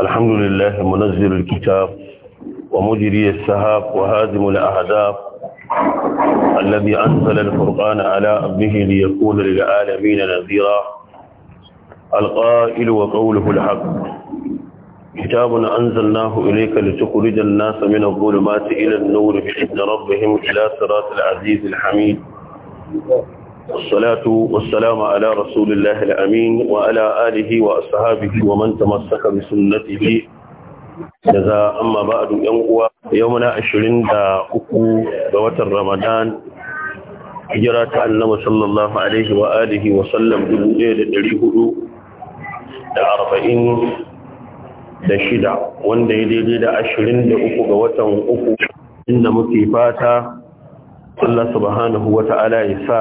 الحمد لله منزل الكتاب ومجري السهاب وهازم الأحزاب الذي أنزل الفرقان على أبنه ليكون للعالمين نذيرا القائل وقوله الحق كتاب أنزلناه إليك لتخرج الناس من الظلمات إلى النور بإذن ربهم إلى صراط العزيز الحميد والصلاة والسلام على رسول الله الأمين وعلى آله وأصحابه ومن تمسك بسنته جزاء أما بعد يومنا عشرين دا أكو دوات رمضان hijira ta annaba sallallahu alaihi wa alihi wa sallam 1446 wanda ya daidai da 23 ga watan uku inda muke fata Allah subhanahu wa ta'ala ya sa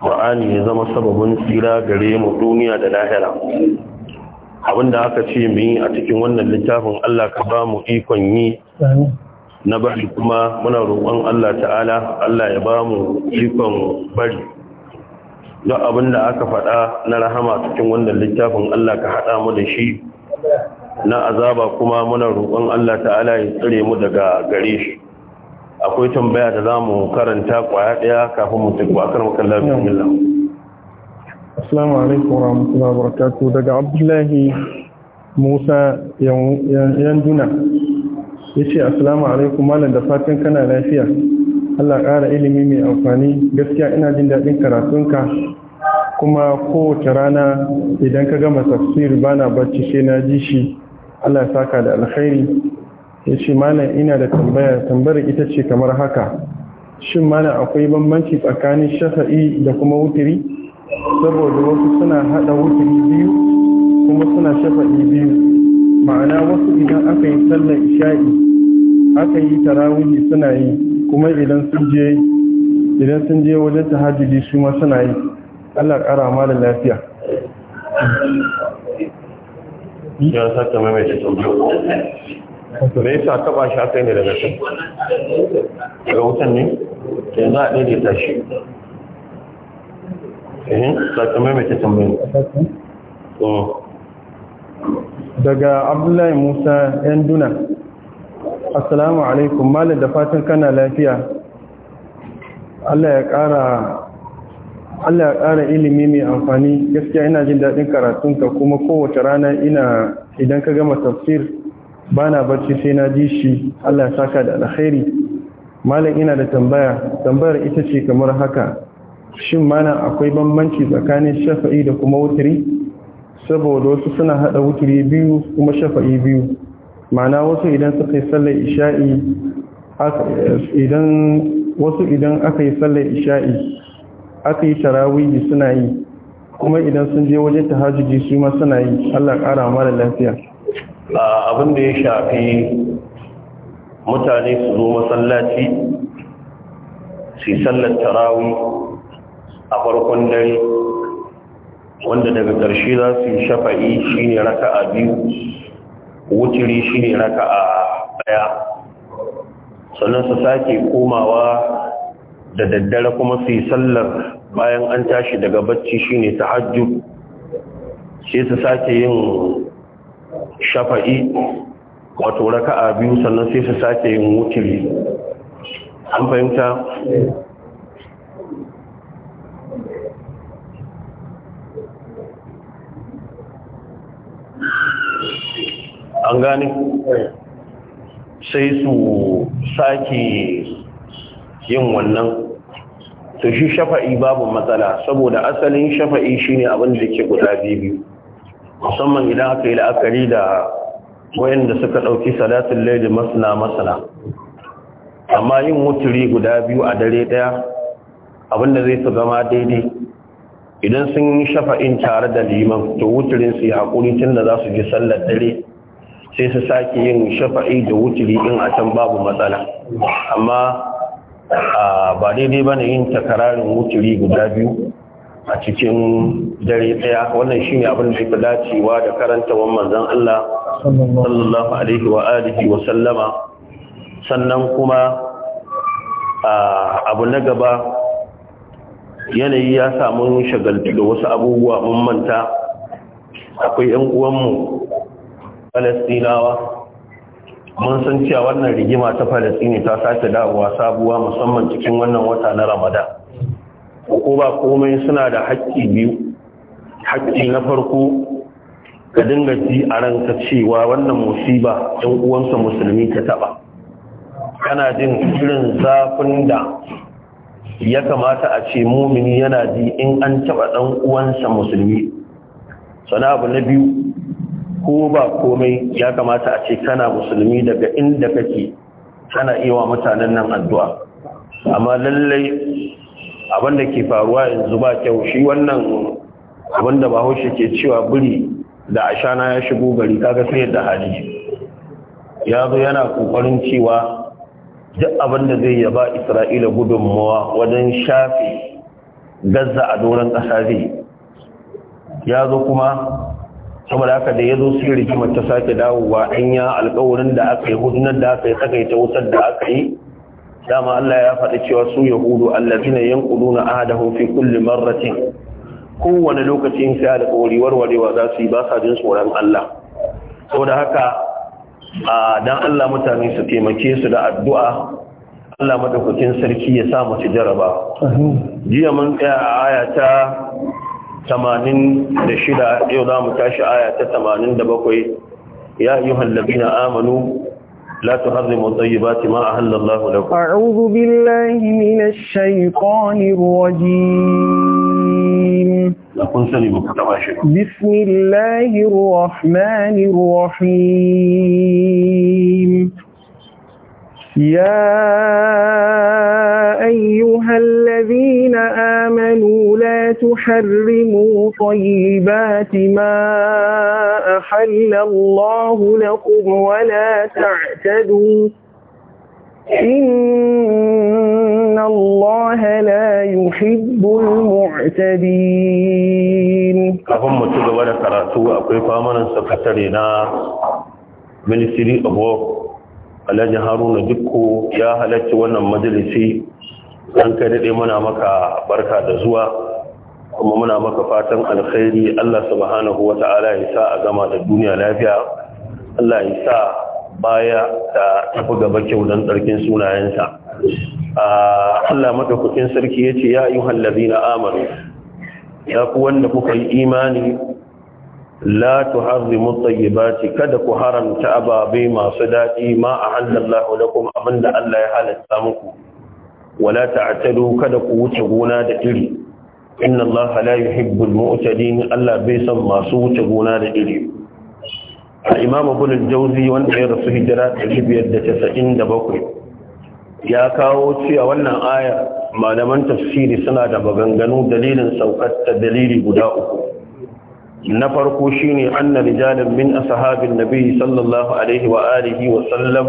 Qur'ani ya zama sababin tsira gare mu duniya da lahira abinda aka ce mu yi a cikin wannan littafin Allah ka ba mu ikon yi na bari kuma muna roƙon Allah ta'ala Allah ya ba mu ikon bari don abinda aka faɗa na rahama cikin wannan littafin Allah ka haɗa mu da shi na azaba kuma muna roƙon Allah ta'ala ya tsire mu daga gare shi akwai tambaya da za mu karanta kwaya ɗaya kafin mu tafi akar makalla bismillah assalamu alaikum wa rahmatullahi wa barakatuh daga abdullahi musa yanduna ya ce assalamu alaikum malam da fatan kana lafiya allah ƙara ilimi mai amfani gaskiya ina jin daɗin karatunka kuma kowace rana idan ka gama tafsir bana bacci sai na ji shi allah saka da alkhairi ya ce malam ina da tambaya tambayar ita ce kamar haka shin mana akwai bambanci tsakanin shafa'i da kuma wutiri saboda wasu suna hada wutiri biyu kuma suna shafa'i biyu ma'ana wasu idan aka yi sallar isha'i aka yi tarawihi suna yi kuma idan sun je idan sun je wajen tahajjudi su ma suna yi Allah kara ma da lafiya ya saka mai mai to me yasa taba shi aka ne daga can daga wutan ne sai za a ɗaya daidaita shi eh sakamai mai tambayi daga abdullahi musa yan duna assalamu alaikum malar da fatan kana lafiya allah ya kara Allah ya ƙara ilimi mai amfani gaskiya ina jin daɗin karatunka kuma kowace rana ina idan ka gama tafsir ba na barci sai na ji shi Allah ya saka da alkhairi malam ina da tambaya tambayar ita ce kamar haka shin mana akwai bambanci tsakanin shafa'i da kuma wuturi saboda wasu suna hada wuturi biyu kuma shafa'i biyu mana wasu idan suka yi sallar isha'i idan wasu idan aka yi sallar isha'i aka yi tarawih suna yi kuma idan sun je wajen tahajjudi su ma suna yi Allah ƙara mara lafiya abin da ya shafi mutane su zo masallaci su sallar tarawi a farkon dare wanda daga ƙarshe za su yi shafa'i shine raka a biyu wuturi shine raka a ɗaya sannan su sake komawa da daddare kuma su sallar bayan an tashi daga bacci shine hajju, sai su sake yin shafa'i wato raka'a biyu sannan sai su sake yin wukili an fahimta an gane sai su sake yin wannan to shi shafa'i babu matsala saboda asalin shafa'i shine abin da ke guda biyu musamman idan aka yi la'akari da da suka ɗauki salatin laili masana masana amma yin wuturi guda biyu a dare ɗaya abinda zai su gama daidai idan sun yi shafa'in tare da liman to wuturin su yi haƙuri tun da za su ji sallar dare sai su sake yin shafa'i da wuturi in a can babu matsala amma ba daidai ba na yin takararin wuturi guda biyu a cikin dare ɗaya wannan shi ne abin da ya dacewa da karanta wa manzan Allah sallallahu alaihi wa alihi wa sallama sannan kuma abu na gaba yanayi ya samu shagaltu da wasu abubuwa mun manta akwai 'yan uwanmu falastinawa mun san cewa wannan rigima ta falastini ta sace dawowa sabuwa musamman cikin wannan wata na ramadan ko ba komai suna da haƙƙi biyu haƙƙi na farko ka dinga ji a ranka cewa wannan musiba ɗan uwansa musulmi ta taɓa kana jin irin zafin da ya kamata a ce mumini yana ji in an taɓa ɗan uwansa musulmi sana abu na biyu ko ba komai ya kamata a ce kana musulmi daga inda kake kana iya wa mutanen nan addu'a amma lallai abinda ke faruwa yanzu ba kyau shi wannan abinda da bahaushe ke cewa buri da ashana ya shigo gari kaga sai da hali ya zo yana kokarin cewa duk abinda da zai yaba isra'ila gudunmawa wajen shafe gaza a doron ƙasa zai ya zo kuma saboda haka da ya zo su rigimar ta sake dawowa an ya alkawarin da aka yi hudunar da aka yi tsakaita wutar da aka yi dama Allah ya faɗi cewa su yahudu allazina yanquduna ahadahu fi kulli marratin kowane lokacin sai da kori warwarewa za su yi ba sa jin tsoron Allah saboda haka a dan Allah mutane su taimake su da addu'a Allah madaukakin sarki ya sa mu ci jaraba jiya mun tsaya a aya ta 86 yau za mu tashi aya ta 87 ya ayyuhal ladina amanu لا تحرموا طيبات ما أهل الله لكم أعوذ بالله من الشيطان الرجيم بسم الله الرحمن الرحيم يا أيها الذين آمنوا لا تحرموا طيبات ما أحل الله لكم ولا تعتدوا إن الله لا يحب المعتدين kafin mu ci gaba da karatu akwai famanin sakatare na ministry of alhaji haruna jikko ya halarci wannan majalisi an kai daɗe muna maka barka da zuwa kuma muna maka fatan alkhairi allah subhanahu wa ta'ala ya sa a gama da duniya lafiya allah ya sa baya da tafi gaba kyau don tsarkin sunayensa allah madaukakin sarki ya ce ya yi hallabi na amanu ya ku wanda kuka yi imani la tuharrimu tayyibati kada ku haramta ababe masu daɗi ma ahallallahu lakum abinda Allah ya halatta muku wala ta'tadu kada ku wuce gona da iri inna Allah la yuhibbul mu'tadin Allah bai san masu wuce gona da iri imam Ibn al-Jawzi wanda ya rasu hijira 597 ya kawo cewa wannan aya malaman tafsiri suna da maganganu dalilin saukar ta dalili guda uku na farko shine anna rijalan min ashabin nabi sallallahu alaihi wa alihi wa sallam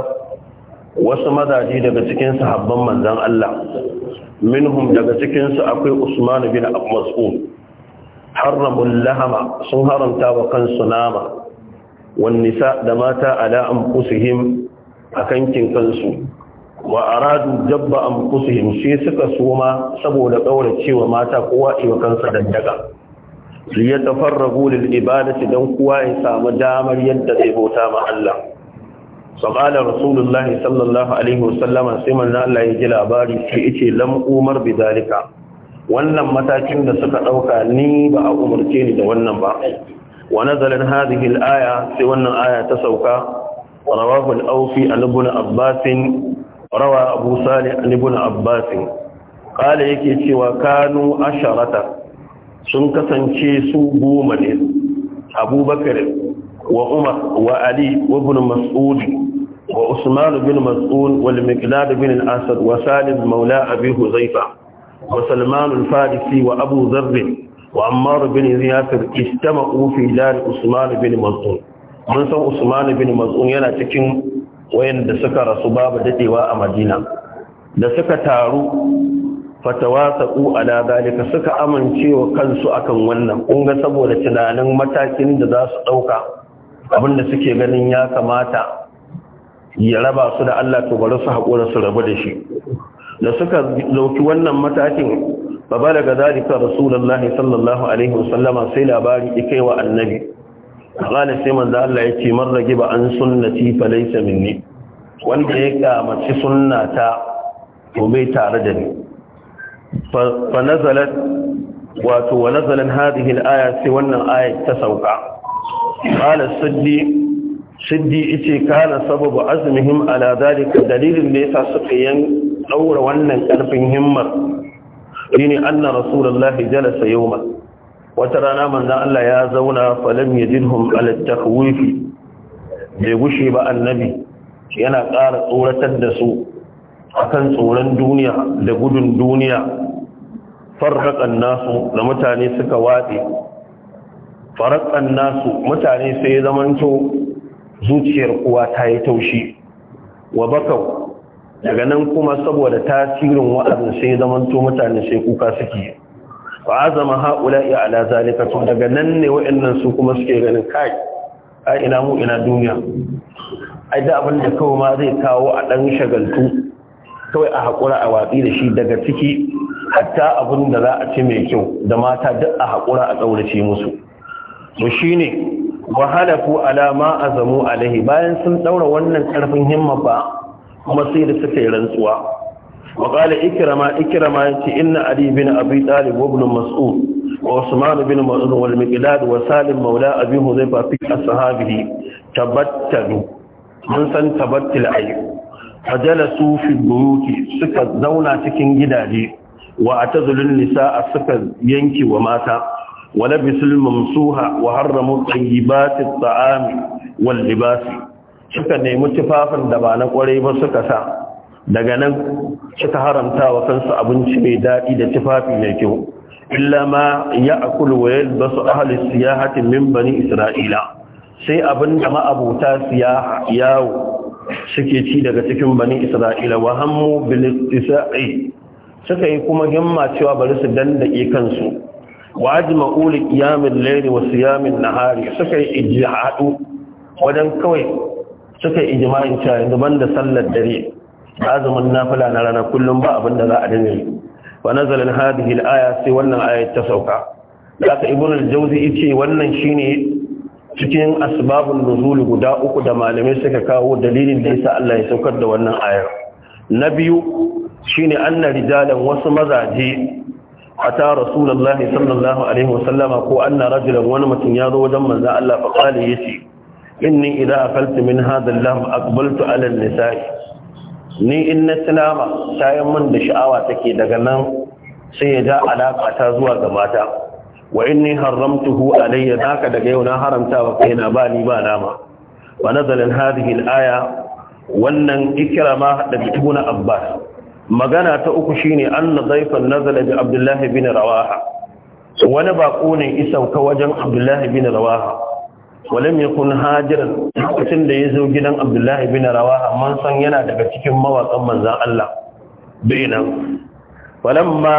wasu mazaje daga cikin sahabban manzon Allah minhum daga cikin su akwai Usman bin Abu Mas'ud haramul lahama sun haramta wa kansu nama wan nisa da mata ala anfusihim akan kin kansu wa aradu jabba anfusihim shi suka soma saboda kaurace cewa mata kowa iwa kansa li yatafarragu lil ibadati dan kowa ya samu damar yadda zai bauta ma Allah فقال رسول Sallallahu alaihi الله sai manzo Allah ya ji labari sai yace lam umar bidalika wannan matakin da suka dauka ni ba a umarce ni da wannan ba wa nazalat hadhihi al-aya sai wannan aya ta sauka rawahu al-awfi ibn abbas rawa abu salih ibn abbas qala yake cewa kanu asharata sun kasance su goma ne abubakar wa umar wa ali wa ibn mas'ud wa usman ibn mas'ud wal miqdad ibn al-asad wa salim maula abi huzaifa wa salman al-farisi wa abu dharr wa ammar ibn yasir istama'u fi dar usman ibn mas'ud mun san usman ibn mas'ud yana cikin wayanda suka rasu babu dadewa a madina da suka taru fatawasaqu a zalika suka amince wa kansu akan wannan kun ga saboda tunanin matakin da za su dauka abinda suke ganin ya kamata ya raba su da Allah to bari su haƙura su rabu da shi da suka dauki wannan matakin fa daga zalika rasulullahi sallallahu alaihi wasallama sai labari kai wa annabi qala sai manzo Allah ce man ragiba an sunnati fa laysa minni wanda ya kamaci sunnata to bai tare da ni fa nazalat wato wa nazalan hadhihi aya sai wannan aya ta sauka qala siddi siddi yace saboda azumin azmihim ala dalika dalilin da suka yan daura wannan karfin himmar shine anna rasulullahi jalasa yawma wata rana manzon Allah ya zauna falam yajidhum ala takhwifi bai gushe ba annabi yana ƙara tsoratar da su akan tsoron duniya da gudun duniya farraƙan nasu da mutane suka watse farraƙan nasu mutane sai zamanto zuciyar kuwa ta yi taushi wa bakau daga nan kuma saboda tasirin wa'azin sai zamanto mutane sai kuka suke ba a zama haƙula iya ala zalika to daga nan ne wa'annan su kuma suke ganin kai a ina mu ina duniya ai da abin da kawo ma zai kawo a ɗan shagaltu kawai a haƙura a watsi da shi daga ciki hatta abin da za a ci mai kyau da mata duk a haƙura a tsaurace musu to shine wahalafu alama azamu alaihi bayan sun ɗaura wannan karfin himma ba kuma sai da suka yi rantsuwa wa qala ikrama ikrama yace inna ali bin abi talib wa ibn mas'ud wa usman bin mas'ud wal miqdad wa salim maula abi hudayfa fi ashabihi tabattalu mun san tabattil ayyub fajalasu fi buruki suka zauna cikin gidaje wa atazulun nisaa suka yanki wa mata wa labisul mamsuha wa harramu tayyibati at'ami wal libas suka nemi tufafin da ba na kwarai ba suka sa daga nan suka haramta wa kansu abinci mai daɗi da tufafi mai kyau illa ma ya'kulu wa yalbasu ahli siyahati min bani isra'ila sai abinda ma'abuta siyaha yawo suke ci daga cikin bani isra'ila wa hammu bil isra'i suka yi kuma himma cewa bari su dandake kansu wa ajma'u li qiyamil layli wa siyamin nahari suka yi ijihadu wajen kawai suka yi ijma'in cewa yanzu banda sallar dare azumin nafila na rana kullum ba abin da za a dinga yi wa nazala hadhihi al-aya sai wannan ayat ta sauka da aka ibnu al-jawzi yace wannan shine cikin asbabun nuzul guda uku da malamai suka kawo dalilin da yasa Allah ya saukar da wannan ayar na biyu shine anna rijalan wasu mazaje ata rasulullahi sallallahu alaihi wasallama ko anna rajulan wani mutum ya zo wajen manzo Allah fa qala yace inni idza akaltu min hadha al-lahm aqbaltu ala an-nisa'i ni in na salama sayan min da sha'awa take daga nan sai ya ja alaka ta zuwa ga mata wa ni haramtuhu alayya zaka daga yau na haramta wa kaina ba ni ba dama wa nazalan hadhihi al-aya wannan ikrama da ibn abbas magana ta uku shine anna dayfan nazala bi abdullah ibn rawaha wani bako ne isauka wajen abdullah ibn rawaha walam yakun hajiran lokacin da ya zo gidan abdullah ibn rawaha man san yana daga cikin mawakan manzon Allah binan walamma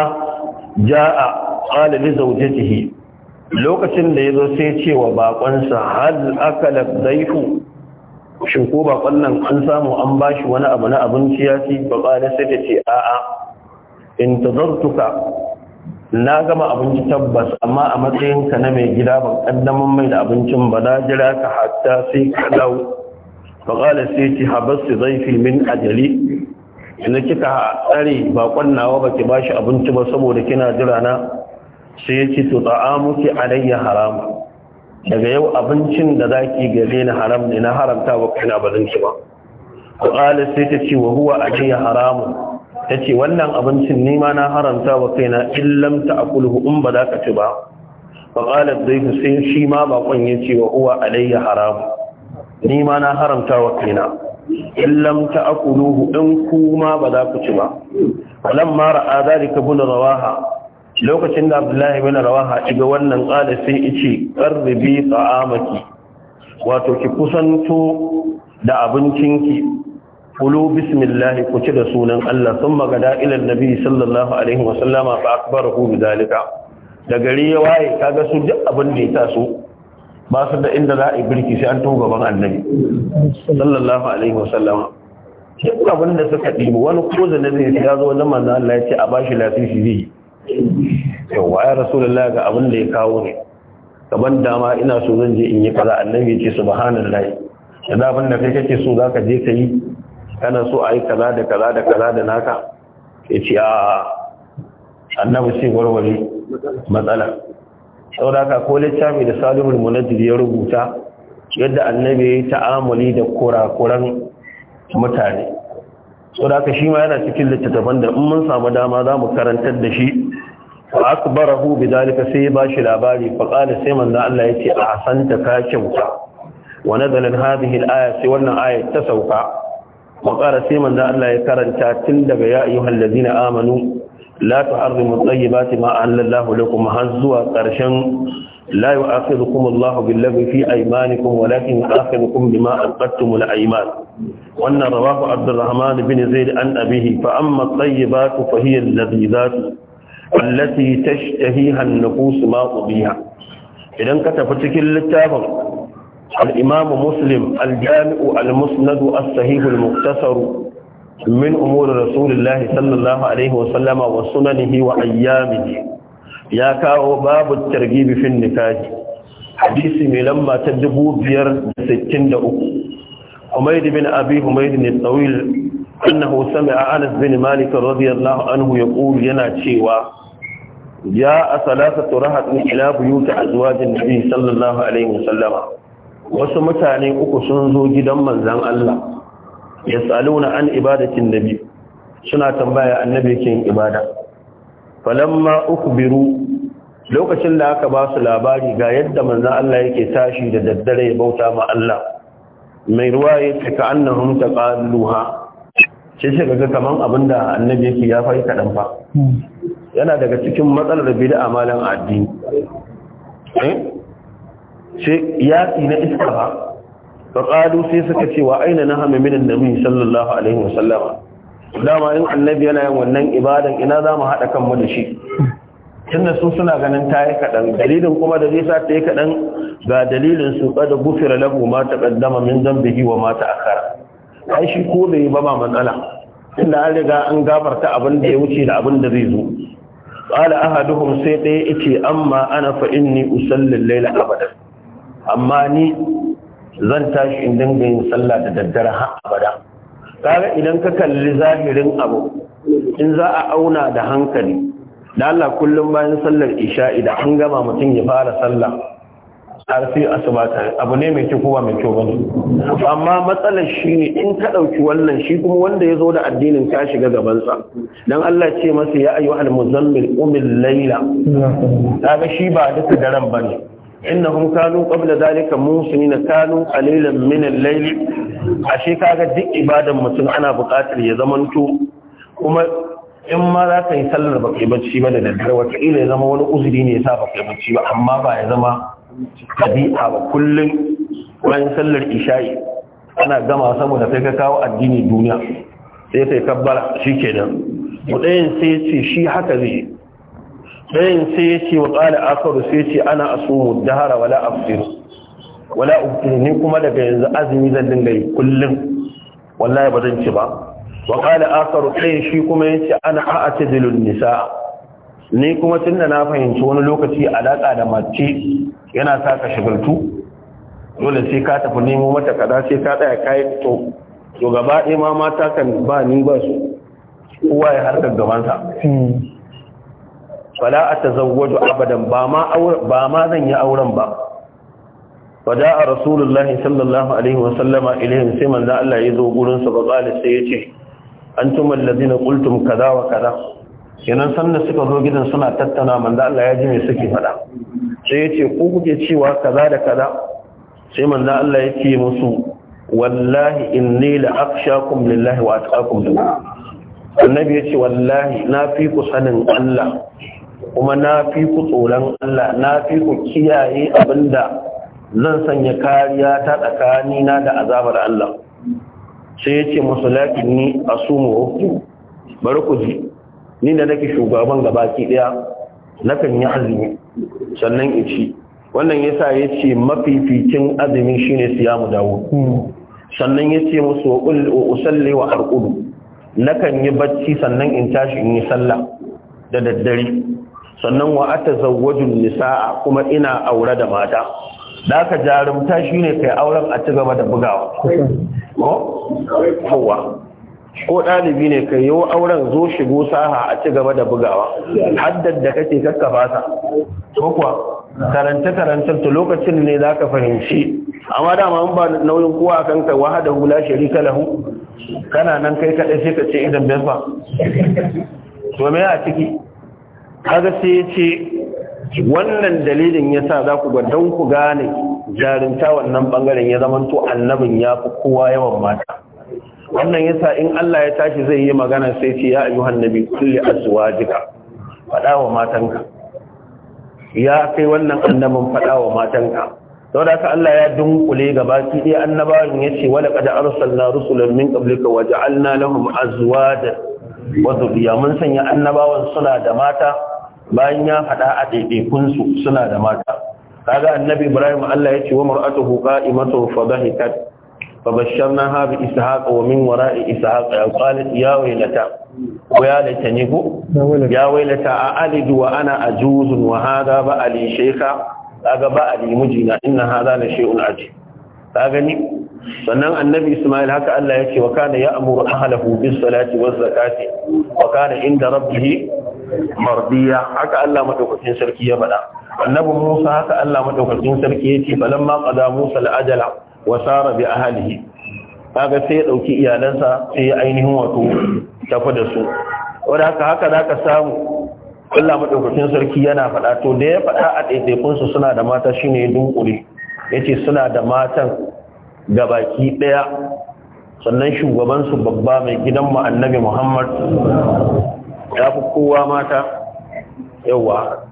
jaa qala li zawjatihi lokacin da yazo sai ya ce wa bakonsa hal akala shin ko bakon nan an samu an bashi wani abu na abinci ya ci ba qala sai ta ce a'a intazartuka na gama abinci tabbas amma a matsayinka na mai gida ban kaddamin mai da abincin ba na jira ka hatta sai ka dawo qala sai ki habasu zaifi min ajali Ina kika tsare bakon nawa baki bashi abinci ba saboda kina jira na sai ya ce to ta'amuki alayya haram daga yau abincin da za ki gare ni haram ne na haramta wa kaina ba zan ci ba qala sai ta ce wa huwa alayya Ta ce wannan abincin ni ma na haramta wa kaina illam ta'kuluhu in ba za ka ci ba fa zai dayfu sai shi ma baƙon ya ce wa huwa alayya haram ni ma na haramta wa kaina illam ta'kuluhu in kuma ba za ku ci ba walamma ra'a zalika bun rawaha lokacin da abdullahi bin rawaha ga wannan ƙada sai ice ƙarribi tsa'amaki wato ki kusanto da abincinki kulu bismillahi ku ci da sunan Allah sun magada ilan nabi sallallahu alaihi wasallama fa akbarahu bi zalika da gari ya waye kaga su duk abin da ya taso ba su da inda za a yi birki sai an to gaban annabi sallallahu alaihi wasallama duk abin da suka ɗibi wani ko da zai ya zo na manzo Allah ya ce a bashi lafiya zai yi yawa ya rasulullah ga abin da ya kawo ne gaban dama ina so zan je in yi kaza annabi ya ce subhanallahi da abin da kai kake so zaka je ka yi kana so a yi kaza da kaza da kaza da naka ya ce a annabi sai warware matsala saboda ka ko littafi da salihul munajjid ya rubuta yadda annabi ya yi ta'amuli da kurakuran mutane saboda ka shi ma yana cikin littattafan da in mun samu dama za mu karantar da shi fa akbarahu bidalika sai ba shi labari fa qala sai manzo Allah ce a asanta ka kyauta wa nazala hadhihi al-aya sai wannan aya ta sauka wa qala sai manzo Allah ya karanta tun daga ya ayyuhal amanu la tuharrimu tayyibati karshen لا يؤاخذكم الله بالذي في أيمانكم ولكن يؤاخذكم بما أنقذتم الأيمان وأن رواه عبد الرحمن بن زيد عن أبيه فأما الطيبات فهي اللذيذات allati tashtahiha an-nufus ma ubiha idan ka tafi cikin littafin al-imam muslim al-jami'u al-musnad as-sahih al-mukhtasar min umur rasulillah sallallahu alaihi wa sallama wa sunanihi wa ayyamihi ya kawo babu targhib fi nikahi hadisi mai lamba ta 563 Humayd bin Abi Humayd ne tsawil أنه سمع أنس بن مالك رضي الله عنه يقول ينا شيوا جاء ثلاثة رهط إلى بيوت أزواج النبي صلى الله عليه وسلم وسمتاني أكسنزو جدا من زن الله يسألون عن إبادة النبي سنة تنبايا النبي كين إبادة فلما أخبروا لو كتن لك باس الأباري قايد من زن الله يكي تاشي لددري بوتا مع الله من رواية كأنهم تقالوها ce shi ga kaman abin da annabi yake ya fari kaɗan fa hmm. yana daga cikin matsalar bid'a malan addini eh? sai yaƙi na iska ba faƙalu sai suka ce wa aina na hami minan nabi sallallahu alaihi wa wasallama dama in annabi yana yin wannan ibadan ina za mu haɗa kanmu da shi tunda su suna ganin ta yi kaɗan dalilin kuma da zai sa ta yi kaɗan ga dalilin su ƙada gufira lahu ma ta ƙaddama min zambihi wa ma ta akara ai shi ko da yi ba ma matsala inda an riga an gafarta abin da ya wuce da abin da zai zo qala ahaduhum sai ɗaya yace amma ana fa inni usalli al-layla abada amma ni zan tashi in dinga yin sallah da daddare har abada kaga idan ka kalli zahirin abu in za a auna da hankali da Allah kullum bayan sallar isha'i da an gama mutum ya fara sallah har sai asuba ta abu ne mai kyau ba mai kyau bane amma matsalar shi ne, in ka dauki wannan shi kuma wanda ya zo da addinin ka shiga gaban sa dan Allah ce masa ya al muzammil umil layla kaga shi ba duka daren bane innahum kanu qabla zalika musnina kanu qalilan min al-layl ashe kaga duk ibadan mutum ana buƙatar ya zamanto kuma in ma za ka yi sallar ba bacci ba da daddare wata ila ya zama wani uzuri ne ya sa ba bacci ba amma ba ya zama ɗabi'a ba kullum bayan sallar isha'i ana gama saboda sai ka kawo addini duniya sai sai kabbara shi ke nan ɗayan sai ya ce shi haka zai ɗayan sai ya ce wa ƙala akaru sai ya ce ana asumu dahara wala afsiru wala uftiru ni kuma daga yanzu azumi zan dinga yi kullum wallahi ba zan ci ba wa ƙala akaru ɗayan shi kuma ya ce ana a'atadilun nisa ni kuma tun da na fahimci wani lokaci alaƙa da mace yana sa ka shigaltu dole sai ka tafi nemo mata kaza sai ka tsaya kayi to to gaba ɗaya ma mata kan ba ni ba su kowa ya harkar gabansa fala a tazawwaju abadan ba ma zan yi auren ba fada a rasulullah sallallahu alaihi wa sallama ilaihim sai manzo Allah ya zo gurin sa ba qala sai yace antum alladhina qultum kaza wa kaza kenan sanda suka zo gidan suna tattauna manzo Allah ya ji me suke faɗa sai ya ce ko kuke cewa kaza da kaza sai manzo Allah ya ce musu wallahi inni la akhshakum lillahi wa atqakum lillah annabi ya ce wallahi na fi ku sanin Allah kuma na fi ku tsoron Allah na fi ku kiyaye abinda zan sanya kariya ta tsakanina da azabar Allah sai ya ce musu ni asumu bari ku ji ni da nake shugaban ki daya nakan yi azumi sannan in ci wannan yasa yace mafificin azumi shine siyamu dawo hmm. sannan yace musu usalli wa arqudu nakan yi bacci sannan in tashi in yi sallah da daddare sannan wa atazawwaju nisaa kuma ina aure da mata da aka jarumta shine kai auren a ci gaba da bugawa ko ko ɗalibi ne ka yi auren zo shigo saha a ci gaba da bugawa haddad da kake kakkafa ta ko kuwa karanta karantar ta lokacin ne za ka fahimci amma dama an ba nauyin kowa kan ka wahada hula ka lahu kana nan kai kaɗai sai ka ce idan ba to me a ciki kaga sai ya ce wannan dalilin ya sa za ku ga don ku gane jarinta wannan bangaren ya zama zamanto annabin ya fi kowa yawan mata wannan yasa in Allah ya tashi zai yi magana sai ce ya ayyuhan nabi kulli azwajika fada wa matanka ya kai wannan annabin fada wa matanka don haka Allah ya dunkule gaba ki dai annabawan yace wala qad arsalna rusulan min qablika wa ja'alna lahum azwaja wa dhurriyya mun sanya annabawan suna da mata bayan ya fada a daidaikun su suna da mata kaga annabi Ibrahim Allah yace wa mar'atuhu qa'imatun fadhahikat فبشرناها بإسحاق ومن وراء إسحاق قالت يا ويلتا ويا ليتني يا ويلتا ألد وأنا أجوز وهذا بألي شيخا هذا بألي مجينا إن هذا لشيء عجيب فأغني sannan annabi Ismail haka Allah yake wa kana ya'muru ahlahu bis salati waz zakati wa inda rabbih mardiya haka Allah madaukakin sarki ya bada annabi Musa haka Allah madaukakin sarki Musa al wa sara bi ahlihi kaga sai ya dauki iyalansa sai ya ainihin wato tafi da su wanda haka haka ka samu Allah madaukakin sarki yana faɗa to da ya faɗa a ɗaiɗaikun su suna da mata shine dunkure yace suna da matan gabaki daya sannan shugaban su babba mai gidan mu annabi Muhammad ya fi kowa mata yawa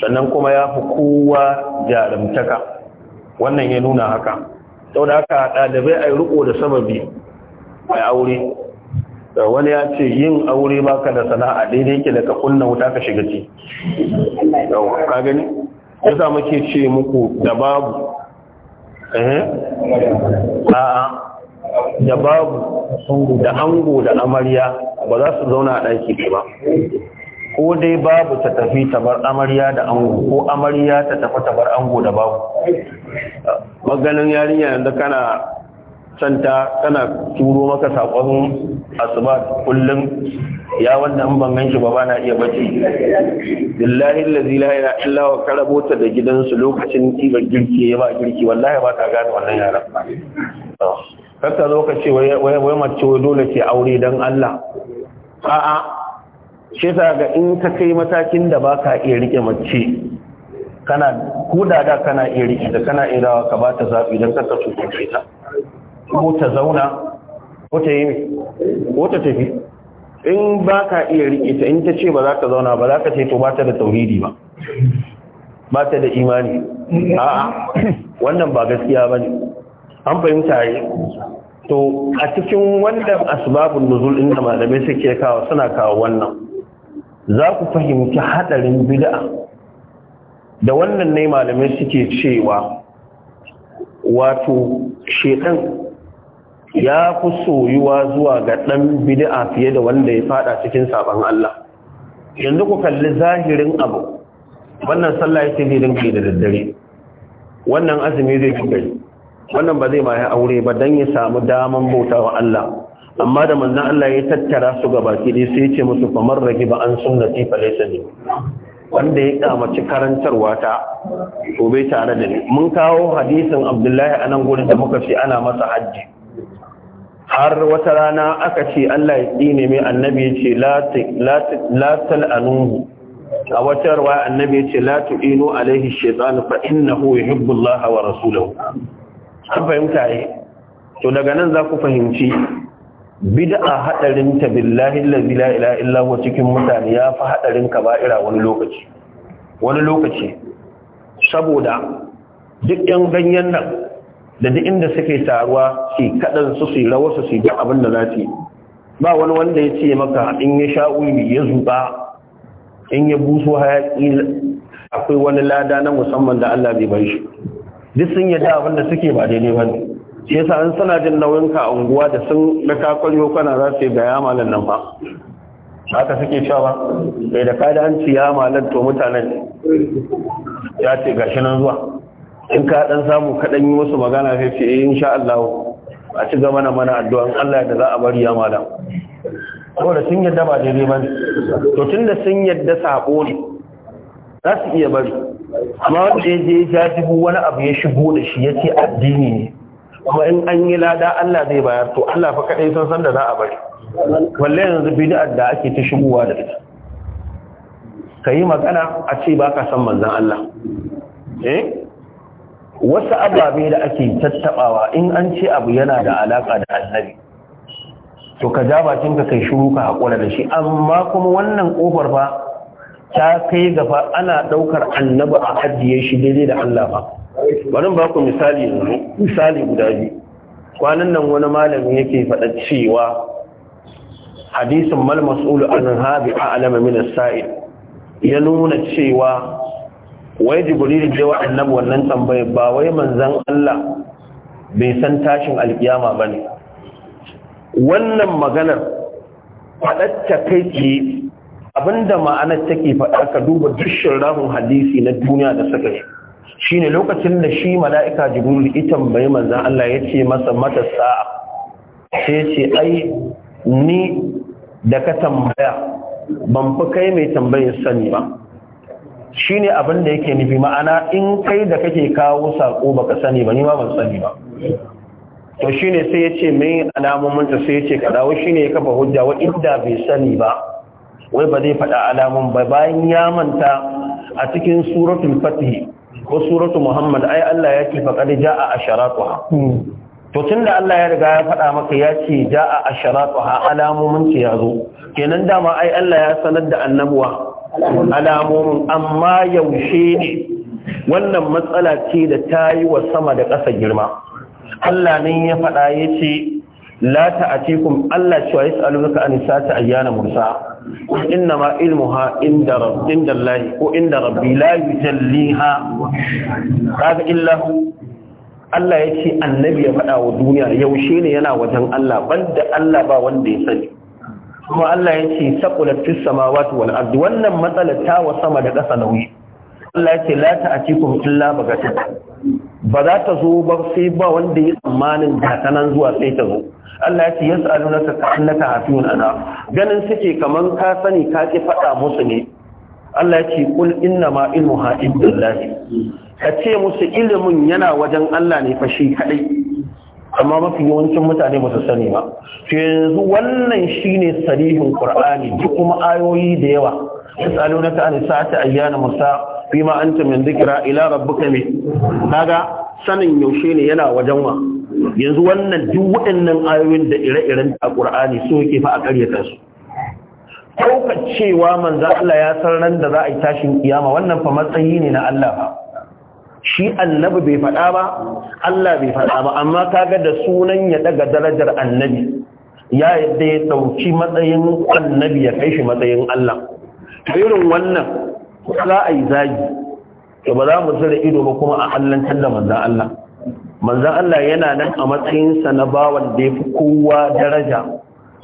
sannan kuma ya fi kowa jarumtaka wannan ya nuna haka sau da haka ɗalibai a yi riko da sababi a aure da wani ya ce yin aure baka da sana'a daidai ke da ka kunna wuta ka shiga ci ka gani ya sa muke ce muku da babu eh? a'a da babu da ango da amarya ba za su zauna a ɗaki ba ko dai babu ta tafi tabar amarya da ango ko amarya ta tafi tabar ango da babu maganin yarinya yanzu kana canta kana turo maka sakon asuba kullum ya wanda in ban ganshi ba bana iya bacci billahi allazi la ilaha illa wa karabota da gidansu lokacin tibar girki ya ba girki wallahi ba ta gane wannan yaran kakka zo ka ce wai mace dole ke aure dan Allah a'a shi ta ga in ka kai matakin da ba ka iya rike mace kana kudada da kana iya rike da kana iya rawa ka ba ta zaɓi don kasa su kuce ta ko ta zauna ko ta yi ko ta tafi in ba ka iya riƙe ta in ta ce ba za ka zauna ba za ka ce to ba ta da tauridi ba ba ta da imani a'a wannan ba gaskiya ba ne an fahimta yi to a cikin wannan asibabin nuzul inda malamai suke kawo suna kawo wannan za ku fahimci haɗarin bid'a da wannan ne malamai suke cewa wato shedan ya fi soyuwa zuwa ga ɗan bid'a fiye da wanda ya fada cikin saban Allah yanzu ku kalli zahirin abu wannan sallah ce zai dinga da daddare wannan azumi zai dinga wannan ba zai ma ya aure ba don ya samu daman bautawa Allah amma da manzon Allah ya tattara su ga baki dai sai ce musu famar rage ba an sun fa laysa ni wanda ya kamaci karantarwa ta Gobe tare da ni mun kawo hadisin Abdullahi anan gurin da muka fi ana masa hajji har wata rana aka ce Allah ya tsine mai annabi ya ce la tal'anuhu a wata ruwa annabi ya ce la tu'inu alaihi shaytanu fa innahu ya Allah wa rasulahu an fahimta yi eh? to daga nan za ku fahimci bid'a hadarin ta billahi allazi la ilaha illa huwa cikin mutane ya fi hadarin kaba'ira wani lokaci wani lokaci saboda duk yan ganyen nan da duk inda suke taruwa su kadan su su rawa su su ga abin da za su ba wani wanda ya ce maka in ya sha uyi ya zuba in ya buso hayaki akwai wani lada na musamman da Allah bai bari shi duk sun yadda abin da suke ba daidai ba ne shi yasa an suna jin nauyin ka a unguwa da sun da ka kwallo kana za su yi ga yamalan nan ba haka suke cewa ba bai da kada an ci yamalan to mutanen ya ce gashi nan zuwa in ka dan samu kaɗan yi musu magana sai ce eh, in sha Allah a ci gaba na mana addu'an Allah da za a bari yamalan ko da sun yadda ba daidai ba ne to da sun yadda sako ne za su iya bari amma wanda ya je ya ji wani abu ya shigo da shi ya ce addini ne kuma in an yi lada Allah zai bayar to Allah fa kadai san san da za a bari walle yanzu bid'ar da ake ta shigowa da ita kai magana a ce ba ka san manzon Allah eh? wasu ababe da ake tattabawa in an ce abu yana da alaka da annabi to ka ja bakin ka kai shiru ka hakura da shi amma kuma wannan kofar fa ta kai gaba ana daukar annabi a ajiye shi daidai da Allah ba bari ba ku misali yanzu misali guda biyu kwanan nan wani malami yake faɗa cewa hadisin mal mas'ulu an habi a alama min sa'id ya nuna cewa wai jibril da wa annabi wannan tambayar ba wai manzon Allah bai san tashin alkiyama bane wannan maganar faɗacce kai abinda ma'anar take faɗa ka duba dushin rahun hadisi na duniya da suka shi Shin lokacin da shi mala'ika jibril ya tambayi manzon Allah ya ce masa matasa sa'a sai ce ai ni da ka tambaya ban fi kai mai tambayin sani ba shi abin da yake nufi ma'ana in kai da kake kawo sako baka sani ba ni ma ban sani ba to shi ne sai ya ce mai alamominta sai ya ce dawo shi ne ya kafa hujja wa inda bai sani ba wai ba zai faɗa alamun ba bayan ya manta a cikin suratul fatih ko suratu muhammad ai Allah ya ce faqad jaa asharatuha hmm. to tunda Allah ya riga ya faɗa maka ya ce jaa asharatuha alamomin ce ya zo kenan dama ai Allah ya sanar da annabuwa alamomin amma yaushe ne wannan matsala ce da ta yi wa sama da ƙasa girma Allah ne ya faɗa ya ce la ta'atikum Allah cewa yas'aluka an sata ayyana mursa inna ma ilmuha inda رب عند الله وعند ربي لا يجليها هذا إلا هو Allah ya ce annabi ya fada wa duniya yaushe ne yana wajen Allah banda Allah ba wanda ya sani kuma Allah ya ce saqulat fis samawati wal ardi wannan matsala ta wa sama da ƙasa nauyi Allah ya ce la ta'atikum illa bagatan ba za ta zo ba sai ba wanda ya tsammanin nan zuwa sai ta zo Allah ya ce yas'alunaka ka'annaka hafiyun ana ganin suke kaman ka sani ka ki faɗa musu ne Allah ya ce kul inna ma ilmuha indallahi ka ce musu ilimin yana wajen Allah ne fashi kadai amma mafi yawancin mutane ba su sani ba yanzu wannan shine sarihin qur'ani duk kuma ayoyi da yawa yasalunaka an sa'ati ayyana musa bima anta min dhikra ila rabbika mi kaga sanin yaushe ne yana wajen wa yanzu wannan duk waɗannan ayoyin da ire-iren a ƙur'ani so yake fa a ƙaryata su ɗaukar cewa za Allah ya san ran da za a yi tashin kiyama wannan fa matsayi ne na Allah ba shi annabi bai faɗa ba Allah bai faɗa ba amma kaga da sunan ya daga darajar annabi ya yadda ya ɗauki matsayin annabi ya kai shi matsayin Allah irin wannan za a yi zagi to ba za mu zira ido ba kuma a allantar da manzan Allah manzan Allah yana nan a matsayinsa na bawan da ya fi kowa daraja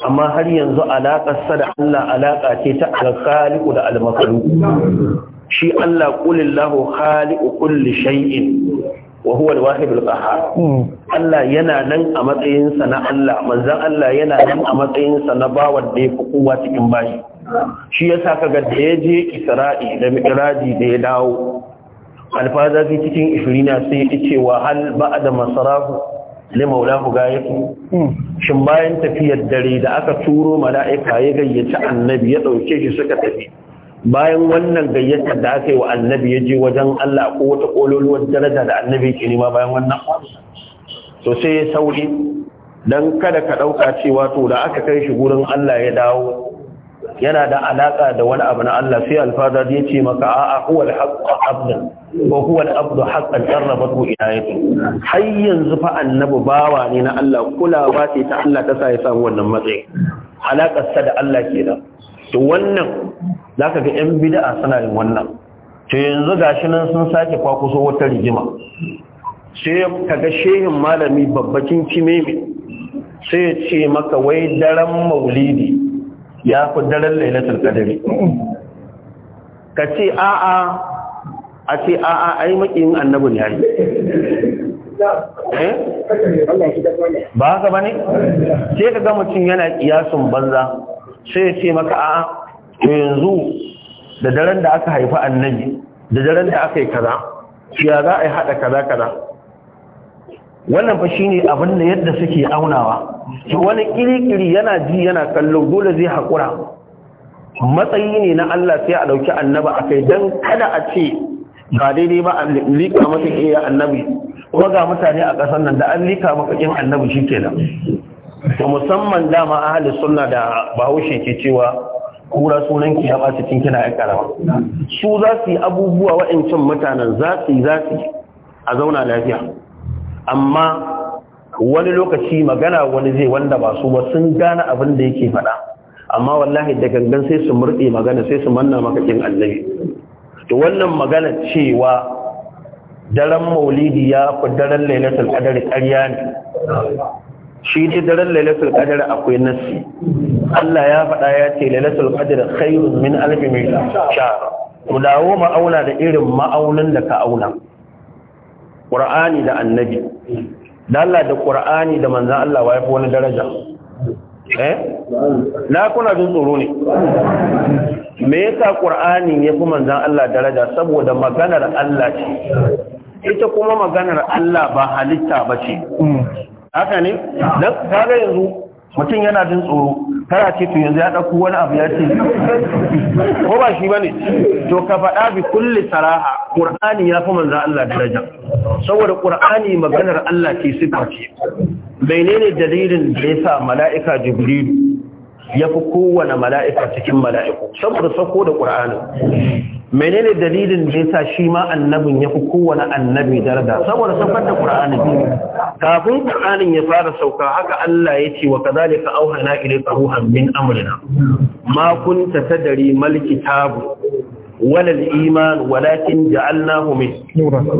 amma har yanzu alaƙarsa da Allah alaƙa ce ta alkhaliku da almakaru shi Allah kulillahu khaliqu kulli shay'in wa huwa al-wahid qahhar hmm. Allah yana nan a matsayinsa na Allah manzan Allah yana nan a matsayinsa na bawan da ya fi kowa cikin bayi shi yasa kaga da ya je Isra'i da Mi'raji da ya dawo alfaza fi cikin ishirina sai ya ce wa hal ba da masarafu le gaye ku. Hmm. shin bayan tafiyar dare da aka turo mala'ika ya gayyaci annabi ya dauke shi suka tafi bayan wannan gayyatar da aka yi wa annabi ya je wajen Allah ko wata kololuwar daraja da annabi ke nema bayan wannan to sai ya sauri dan kada ka dauka cewa to da aka kai shi gurin Allah ya dawo yana da alaka da wani abu na Allah sai alfaza ya ce maka a huwal haqqu abdan wa huwal abdu haqqan qarrabatu ilayhi har yanzu fa annabi bawa ne na Allah kulawa ce ta Allah ta sa ya samu wannan matsayi alakar sa da Allah ke da to wannan zaka ga yan bid'a suna yin wannan to yanzu gashi nan sun sake kwakuso wata rigima sai ga shehin malami babbakin kimemi sai ya ce maka wai daren maulidi ya fi daren lailatul qadari ka ce a'a a ce a'a ai annabi ne ai eh? ba ka bane sai ka ga mutum yana kiyasun banza sai ya ce maka a, to yanzu da daren da aka haifi annabi da daren da aka yi kaza ya za a yi haɗa kaza kaza wannan fa shine abin da yadda suke aunawa to wani kirikiri yana ji yana kallo dole zai hakura matsayi ne na Allah sai a dauki annaba kai, dan kada a ce ba daidai ba a lika ke eh, ya annabi kuma ga mutane a kasar nan da an lika maka kin annabi shikenan to musamman dama ahli sunna da bahaushe ke cewa kura sunan ki ya ɓaci cikin kina ya karama su za su yi abubuwa wa'ancan mutanen za su a zauna lafiya amma wani lokaci magana wani zai wanda ba su ba sun gane abin da yake faɗa amma wallahi da gangan sai su murɗe magana sai su manna maka kin annabi wannan magana cewa daren maulidi ya fi daren lailatul qadr ƙarya ne shi ne daren lailatul qadr akwai nasi. Allah ya faɗa ya ce lailatul qadr khairun min alfi mil shahr ku dawo ma'auna da irin ma'aunin da ka auna Qur'ani da annabi da Allah da ƙur'ani da manzan Allah wa ya wani daraja eh na kuna jin tsoro ne me yasa ƙur'ani ya fi manzan Allah daraja saboda maganar Allah ce ita kuma maganar Allah ba halitta ba ce haka ne don kaga yanzu mutum yana jin tsoro kana ce to yanzu ya ɗauko wani abu ya ce ko ba shi bane to ka faɗa bi kulle saraha ƙur'ani ya fi manzo Allah daraja saboda ƙur'ani maganar Allah ce sifa ce menene dalilin da ya sa mala'ika jibrilu ya fi kowane mala'ika cikin mala'iku saboda sauko da ƙur'ani. menene dalilin da yasa shi ma annabin yafi kowane annabi darada? saboda saukar da ne. kafin ƙur'anin ya fara sauka haka Allah ya ce wa kadhalika auhana ilayka ruhan min amrina ma ta tadri malki kitabu wala iman walakin ja'alnahu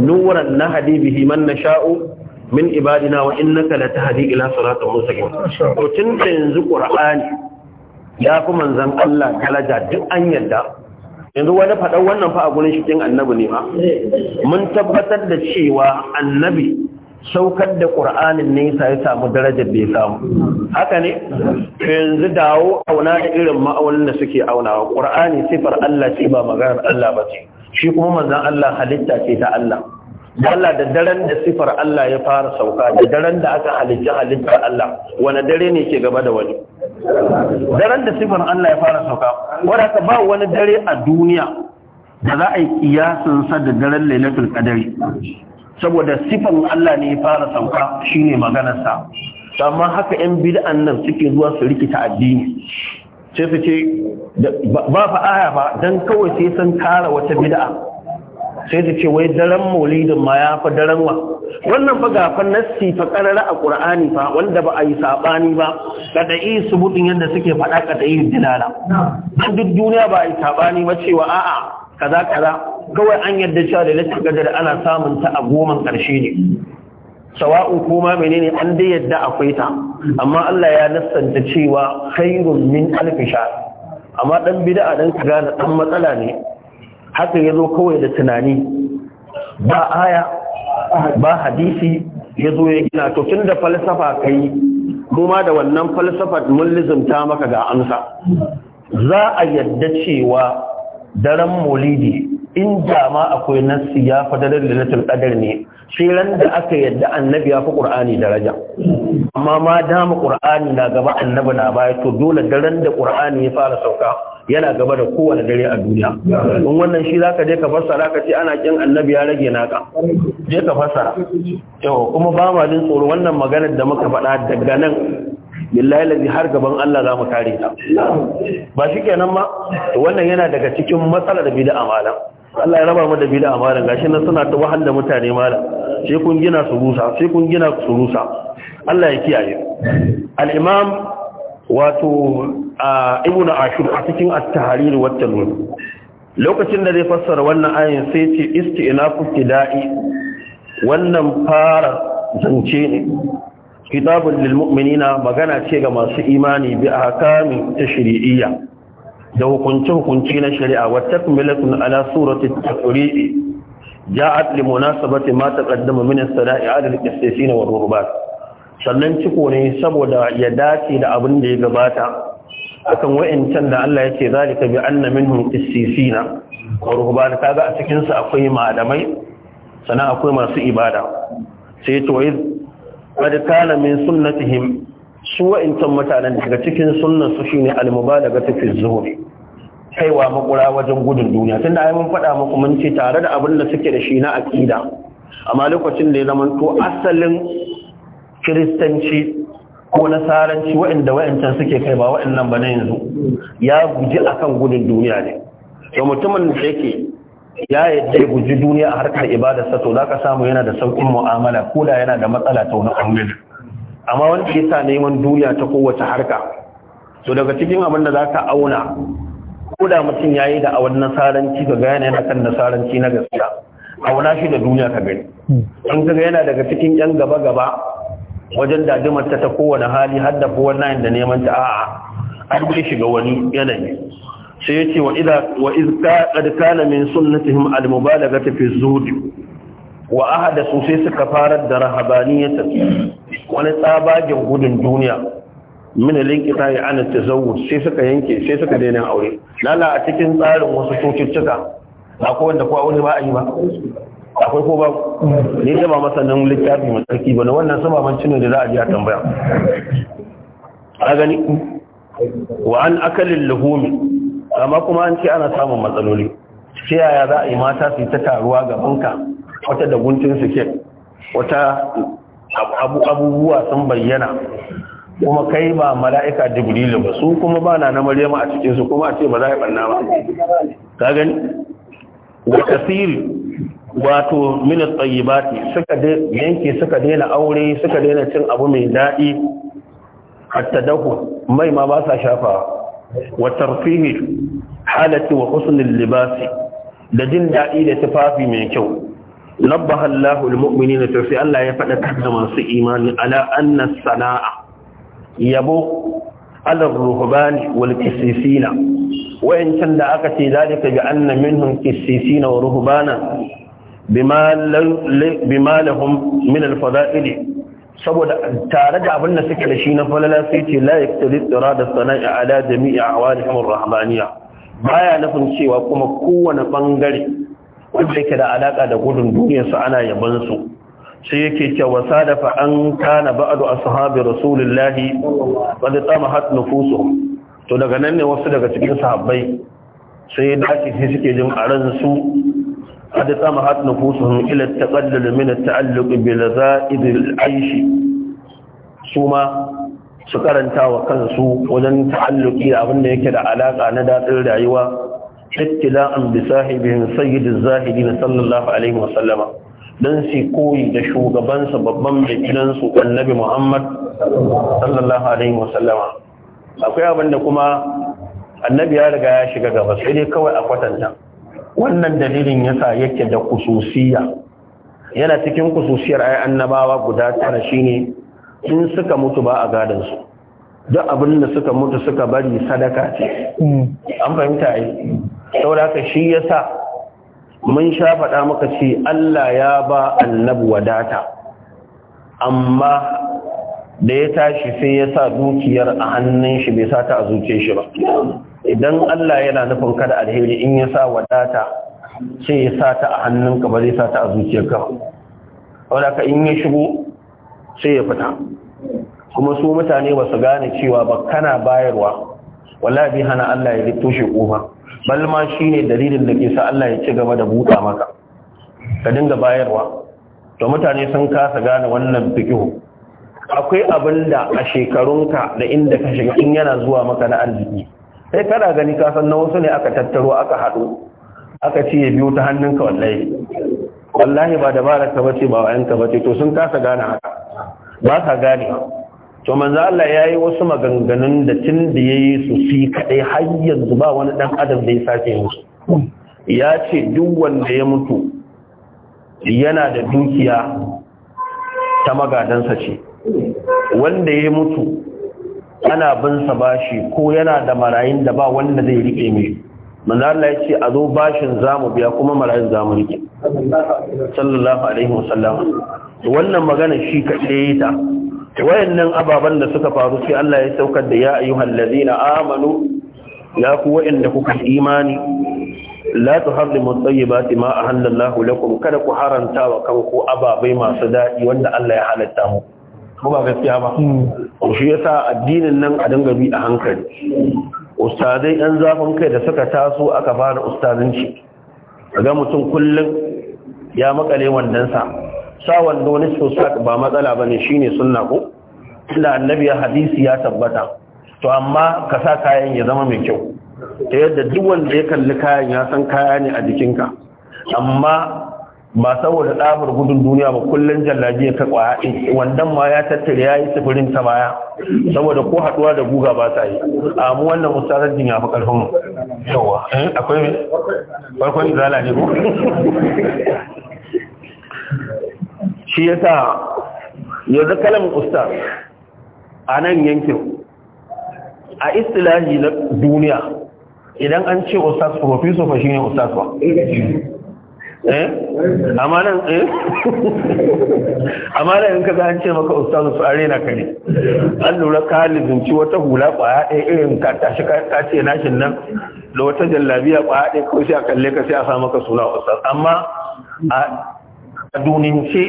nuran nahdi bihi man nasha'u min ibadina wa innaka latahdi ila siratin mustaqim to tun da yanzu ƙur'ani ya fi manzon Allah daraja duk an yarda yanzu wani faɗa wannan fa a gurin shi kin annabi ne ma mun tabbatar da cewa annabi saukar da ƙur'anin nesa ya samu darajar da ya samu haka ne yanzu dawo auna da irin ma'aunin da suke aunawa ƙur'ani sifar Allah ce ba maganar Allah ba ce shi kuma manzan Allah halitta ce ta Allah Allah da daren da sifar Allah ya fara sauka da daren da aka halicci halittar Allah wane dare ne ke gaba da wani daren da sifan Allah ya fara sauka wadda ba wani dare a duniya da za a yi kiyasin sa da daren lailatul qadari saboda sifan Allah ne ya fara sauka shine maganar sa amma haka yan bid'an nan suke zuwa su rikita addini sai su ce ba fa aya ba dan kawai sai san kara wata bida'a. sai ta ce wai daren maulidin ma ya fa daren wa wannan fa gafa nassi fa karara a qur'ani fa wanda ba a yi sabani ba kada yi subutun yadda suke faɗa kada yi dilala dan duk duniya ba a yi sabani ba cewa a'a kaza kaza kawai an yadda cewa lailatul qadr ana samun ta a goman karshe ne Sawa'u koma menene an dai yadda akwai ta amma Allah ya nassanta cewa khairun min amma dan bid'a dan kaga dan matsala ne haka ya zo kawai da tunani ba aya ba hadisi ya zo ya gina to tun da falsafa ka yi kuma da wannan falsafa mun lizumta maka ga amsa za a yadda cewa daren molidi in jama akwai nassi ya fa da qadar ne sai ran da aka yadda annabi ya fi qur'ani daraja amma ma dama qur'ani na gaba annabi na baya to dole daren da qur'ani ya fara sauka yana gaba da kowane dare a duniya in wannan shi zaka je ka fassara ka ce ana kin annabi ya rage naka je ka fassara yau kuma ba ma jin tsoro wannan maganar da muka faɗa daga nan billahi lazi har gaban Allah za mu kare ta ba shi kenan ma wannan yana daga cikin matsalar bid'a malam Allah ya raba mu da bid'a malam gashi nan suna ta wahalla da mutane malam sai kun gina su rusa sai kun gina su rusa Allah ya kiyaye al-imam wato ibnu ashur a cikin at-tahrir wa tanwir lokacin da zai fassara wannan ayin sai ce isti'nafu tida'i wannan fara zance ne kitabul lil mu'minina magana ce ga masu imani bi ahkami tashri'iyya da hukunce-hukunce na shari'a wa takmilatun ala surati taqri'i ja'at li munasabati ma taqaddama min as-sada'i 'ala al-qisasin wa rubat sannan ciko ne saboda ya dace da abin da ya gabata akan wa'incan da Allah yake zalika bi anna minhum qissisina wa rubat kaga a cikin su akwai malamai sannan akwai masu ibada sai to qad kana min sunnatihim su wa'incan mutanen daga cikin sunnan su shine al-mubalagha fi zuhuri kaiwa makura wajen gudun duniya tunda ai mun faɗa muku mun ce tare da abin da suke da shi na aqida amma lokacin da ya zama to asalin kiristanci ko nasaranci waɗanda waɗancan suke kai ba waɗannan ba na yanzu ya guji akan gudun duniya ne To mutumin da yake ya yadda ya guji duniya a harkar sa to zaka samu yana da saukin mu'amala ko da yana da matsala ta wani ɓangare amma wanda ke sa neman duniya ta kowace harka to daga cikin abin da za ka auna ko mutum ya yi da'awar nasaranci ka ga yana kan nasaranci na gaskiya auna shi da duniya ka gani in ka yana daga cikin yan gaba gaba wajen dadimar ta ta kowane hali har da kowa nan da neman ta a'a an bi shiga wani yanayi sai yace wa idza wa idza qad kana min sunnatihim al mubalaghati fi zuhd wa ahada su sai suka farar da tafi. wani tsabagen gudun duniya min linkita ya ana tazawwud sai suka yanke sai suka daina aure lala a cikin tsarin wasu cututtuka akwai wanda ko aure ba a yi ba akwai ko ba ne da ba masanin littafi mai tsarki ba na wannan sababancin cinin da za a ji a tambaya a gani wa an akalin luhumi amma kuma an ce ana samun matsaloli ce yaya za a yi mata su yi ta taruwa ga banka wata da guntun su ke wata abubuwa sun bayyana kuma kai ba mala'ika jibrilu ba su kuma ba na na maryama a cikin su kuma a ce ba za a banna ba ka gani wa kasiri wato min at-tayyibati suka da yanke suka daina aure suka daina cin abu mai dadi hatta dahu mai ma ba sa shafa wa tarfihi halati wa husn libasi da jin dadi da tufafi mai kyau nabbaha Allahu al-mu'minina Allah ya faɗa da masu imani ala anna sana'a yabo ala ruhbani wal kisisina wayancan da aka ce zalika bi anna minhum kisisina wa ruhbana bima bima lahum min al fada'ili saboda tare da abin da suke da shi na falala sai ce la yaktali tsira da sana'i ala jami'i awarihim rahmaniya baya nufin cewa kuma kowane bangare wanda yake da alaka da gudun duniyarsu ana yabansu sai yake cewa sadafa an kana ba'du ashabi rasulillahi wanda tamahat nufusuhum to daga nan ne wasu daga cikin sahabbai sai da ake shi suke jin a ran su qad tamahat nufusuhum ila taqallul min at-ta'alluq bil za'id al-aish suma su karanta wa kansu wajen ta'alluki abin da yake da alaka na dadin rayuwa ittila'an bi sahibihim sayyid az-zahidin sallallahu alaihi wa sallama don su koyi da shugabansa babban mai gidansu annabi muhammad sallallahu alaihi wasallama akwai abinda kuma annabi ya riga ya shiga gaba sai dai kawai a kwatanta wannan dalilin yasa yake da kususiya yana cikin kususiyar ai annabawa guda tara shine in suka mutu ba a gadon su duk abin suka mutu suka bari sadaka ce hmm. an fahimta ai. saboda haka shi yasa mun sha faɗa muka ce Allah ya ba Annabu wadata amma da ya tashi sai ya sa dukiyar a hannun shi bai sa a zuce shi ba idan Allah yana nufin kada alheri in ya sa wadata sai ya sa ta a hannunka ba zai sa ta a zuciyarka ba wadda ka in ya shigo sai ya fita kuma su mutane ba su gane cewa ba kana bayarwa wallahi hana Allah ya rito shi kofa balma ne dalilin da ke sa Allah ya ci gaba da buta maka ka dinga bayarwa to mutane sun kasa gane wannan fikihu akwai abin da a shekarunka da inda ka shiga in yana zuwa maka na arziki sai kada gani ka san na wasu ne aka tattaro aka haɗu aka ce ya biyo ta hannunka wallahi wallahi ba dabara ka bace ba wayanka bace to sun kasa gane haka ba ka gane to manzo Allah yayi wasu maganganun da tun da yayi su fi kadai har yanzu ba wani dan adam da ya sace musu ya ce duk wanda ya mutu yana da dukiya ta magadansa ce wanda ya mutu ana bin sa bashi ko yana da marayin da ba wanda zai rike mai manzo Allah ya ce a zo bashin zamu biya kuma marayin zamu rike sallallahu alaihi wasallam wannan magana shi kadai ta wayannan ababen da suka faru sai Allah ya saukar da ya ayyuhal ladina amanu ya ku wayanda kuka imani la tuharrimu tayyibati ma ahallallahu lakum kada ku haranta wa kanku ababai masu dadi wanda Allah ya halatta mu ko ba gaskiya ba hmm. shi yasa addinin nan a dinga bi a hankali ustazai yan zafin kai da suka taso aka fara ustazanci ga mutum kullum ya makale wandansa sa wando wani sosak ba matsala ba ne shine sunna ko inda annabi hadisi ya tabbata to amma ka sa kayan ya zama mai kyau ta yadda duk wanda ya kalli kayan ya san kaya ne a jikinka amma ba saboda tsabar gudun duniya ba kullum jallaji ka kwaya wandan ma ya tattare ya yi sifirin ta baya saboda ko haɗuwa da guga ba ta yi amma wannan ustazar ya fi karfin yawa eh, akwai farkon zala ne ko shi ya sa yanzu kalamin ustaz a nan yankin a istilahi na duniya idan an ce ustaz professor fa shine ustaz ba eh amma nan eh amma nan in ga an ce maka ustaz su are ka ne an lura ka lizinci wata hula kwaya ɗaya irin ka tashi ka ce nashin nan da wata jallabiya kwaya ɗaya ko sai a kalle ka sai a sa maka suna ustaz amma a duniyance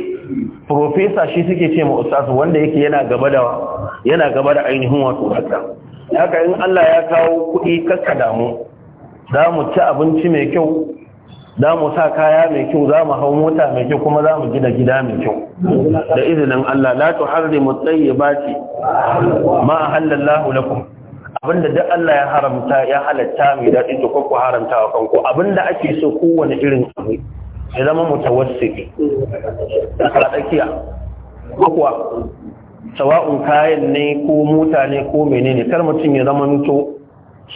profesa shi suke ce ma wanda yake yana gaba da yana gaba da ainihin wato haka haka in Allah ya kawo kuɗi kakka damu za mu ci abinci mai kyau za mu sa kaya mai kyau za mu hau mota mai kyau kuma za mu gina gida mai kyau da izinin Allah la tuharrimu tayyibati ma halallahu lakum abinda duk Allah ya haramta ya halatta mai daɗi to ku haramta wa kanku abinda ake so kowane irin abu ya zama mutawassiti da tsakiya ko kuwa sawa'un kayan ne ko mota ko menene kar mutum ya zama nuto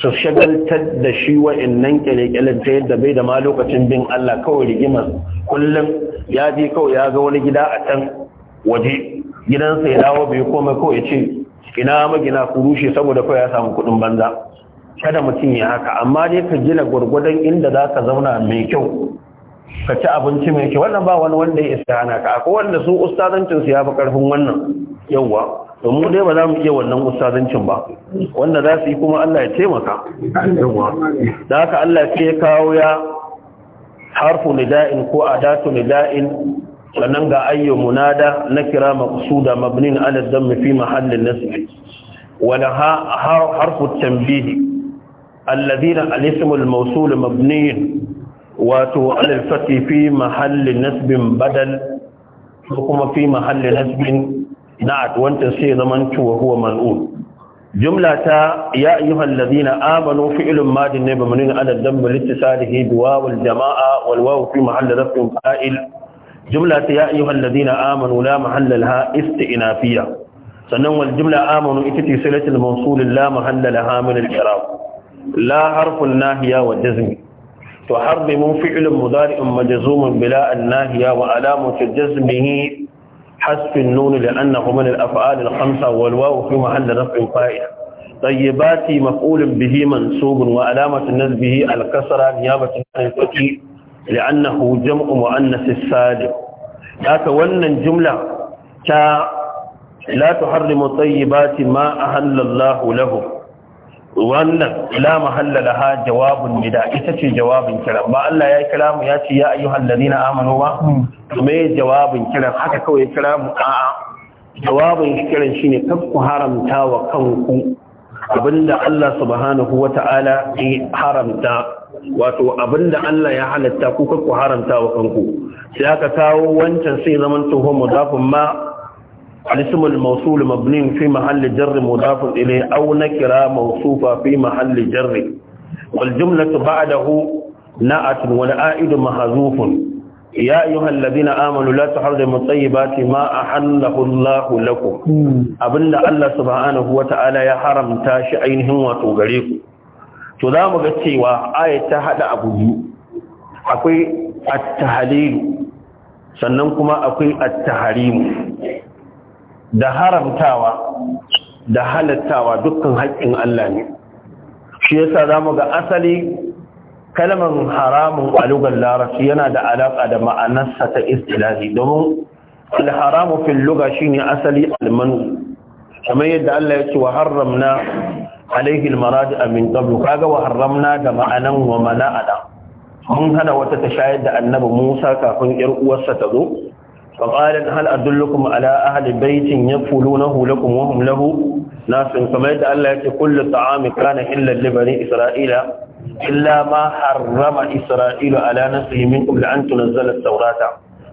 su shagaltar da shi wa'annan kyale kyale ta yadda bai da ma lokacin bin Allah kawai rigimar kullum ya je kawai ya ga wani gida a can waje gidansa ya dawo bai komai kawai ya ce ina magina ku rushe saboda kawai ya samu kuɗin banza kada mutum ya haka amma dai ka gina gwargwadon inda za ka zauna mai kyau ka ci abinci mai kyau wannan ba wani wanda ya isa hana ka akwai wanda su ustazancin su ya fi karfin wannan yawwa domin dai ba za mu iya wannan ustazancin ba wanda za su yi kuma Allah ya taimaka yawwa da haka Allah sai ya kawo ya harfu nida'in ko adatu nida'in sannan ga ayyu munada na kira maqsuda mabnin ala dhamm fi mahallin nasb la harfu tanbih alladhina al-ismu al-mawsul wato alal fati fi mahalli nasbin badal ko kuma fi mahalli nasbin na'at wanda sai zaman tuwa huwa mal'ul jumla ta ya ayyuhal ladina amanu fi'lun madin ne bamanin ala dambi littisalihi biwawul jama'a wal wawu fi mahalli rafin fa'il jumla ta ya ayyuhal ladina amanu la mahallalaha isti'nafiya sannan wal jumla amanu ita ce silatul mawsul la mahallalaha min al-i'rab la harfun nahiya wa jazmi to harbi mun fi'ilin mudari in majazumin bila an nahiya wa alamu ta jazmihi hasfin nuni da annan kumanin afa'adar hamsa walwa wa fi mahalla na fi fa'ida tsayyabati maƙulin bihi mansubin wa alamatin na bihi alkasara niyabatin kan kwaki da annan hujjam umu annan sissali daga wannan jumla ta la tu harrimu tsayyabati ma a hallallahu lahu wannan la mahalla laha jawabun nida ita ce jawabin kiran ba Allah ya kira mu ya ce ya ayyuhal ladina amanu ba me jawabin kiran haka kawai kira mu a'a jawabin kiran shine kar ku haramta wa kanku abinda Allah subhanahu Ta'ala ya haramta wato abinda Allah ya halatta ku kar ku haramta wa kanku sai aka kawo wancan sai zaman tuhu zafin ma الاسم الموصول مبني في محل جر مضاف إليه أو نكرة موصوفة في محل جر والجملة بعده نعت والعائد محذوف يا أيها الذين آمنوا لا تحرموا طيبات ما أحله الله لكم أبن الله سبحانه وتعالى يا حرم تاشي أينهم وتغريكم تدام بالسيوى آية تحد أبو أقول التحليل sannan kuma akwai at-tahrim da haramtawa da halattawa dukkan haƙƙin Allah ne shi yasa mu ga asali kalmar haramun alugar Larasu yana da alaƙa da ma'anarsa ta istilahi domin alharamu fil luga shine asali almanu kamar yadda Allah ya ce wa haramna alaihi almaradi Amin qablu kaga wa haramna da ma'anan wa mana'ada mun hana wata ta shayar da annabi Musa kafin ƴar uwarsa ta zo فقالت هل أدلكم على أهل بيت يقولونه لكم وهم له ناس كما يتألى كل طعام كان إلا لبني إسرائيل إلا ما حرم إسرائيل على نفسه منكم لأن تنزل التوراة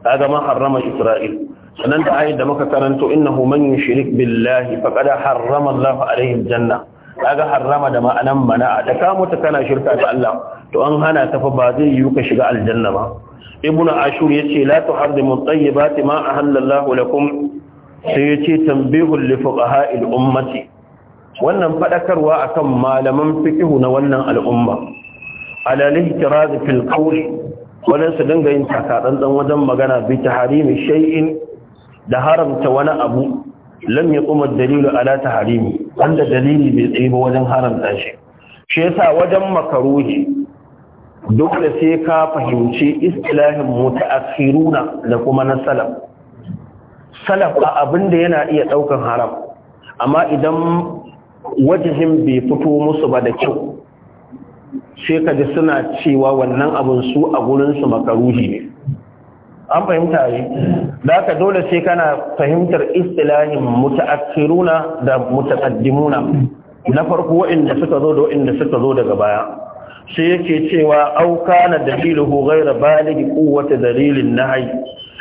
هذا ما حرم إسرائيل سننت آية دمك كرنت إنه من يشرك بالله فقد حرم الله عليه الجنة هذا حرم دماء منع لكامت كان شركة الله to an hana ka fa ba zai yi ka shiga aljanna ba ibnu ashur yace la tuharrimu tayyibati ma ahallallahu lakum sai yace tanbihul li fuqaha'il ummati wannan fadakarwa akan malaman fikihu na wannan al'umma ala lihtiraz fil qawl wannan su dinga yin takatsantsan wajen magana bi taharimi shay'in da haramta wani abu lam yaqum ad-dalilu ala taharimi wanda dalili bai tsaye ba wajen haramta shi shi yasa wajen makaruhi dole sai ka fahimci istilahin mutaakhiruna da kuma na salaf salaf ba abinda yana iya daukan haram amma idan wajihin bai fito musu ba da kyau sai ka suna cewa wannan abun su a gurinsu makaruhi ne an fahimta ne da ka dole sai kana fahimtar istilahin mutaakhiruna da mutaqaddimuna na farko waɗanda suka zo da waɗanda suka zo daga baya shi yake cewa au kana daliluhu ghayra baligi quwwati dalilin nahy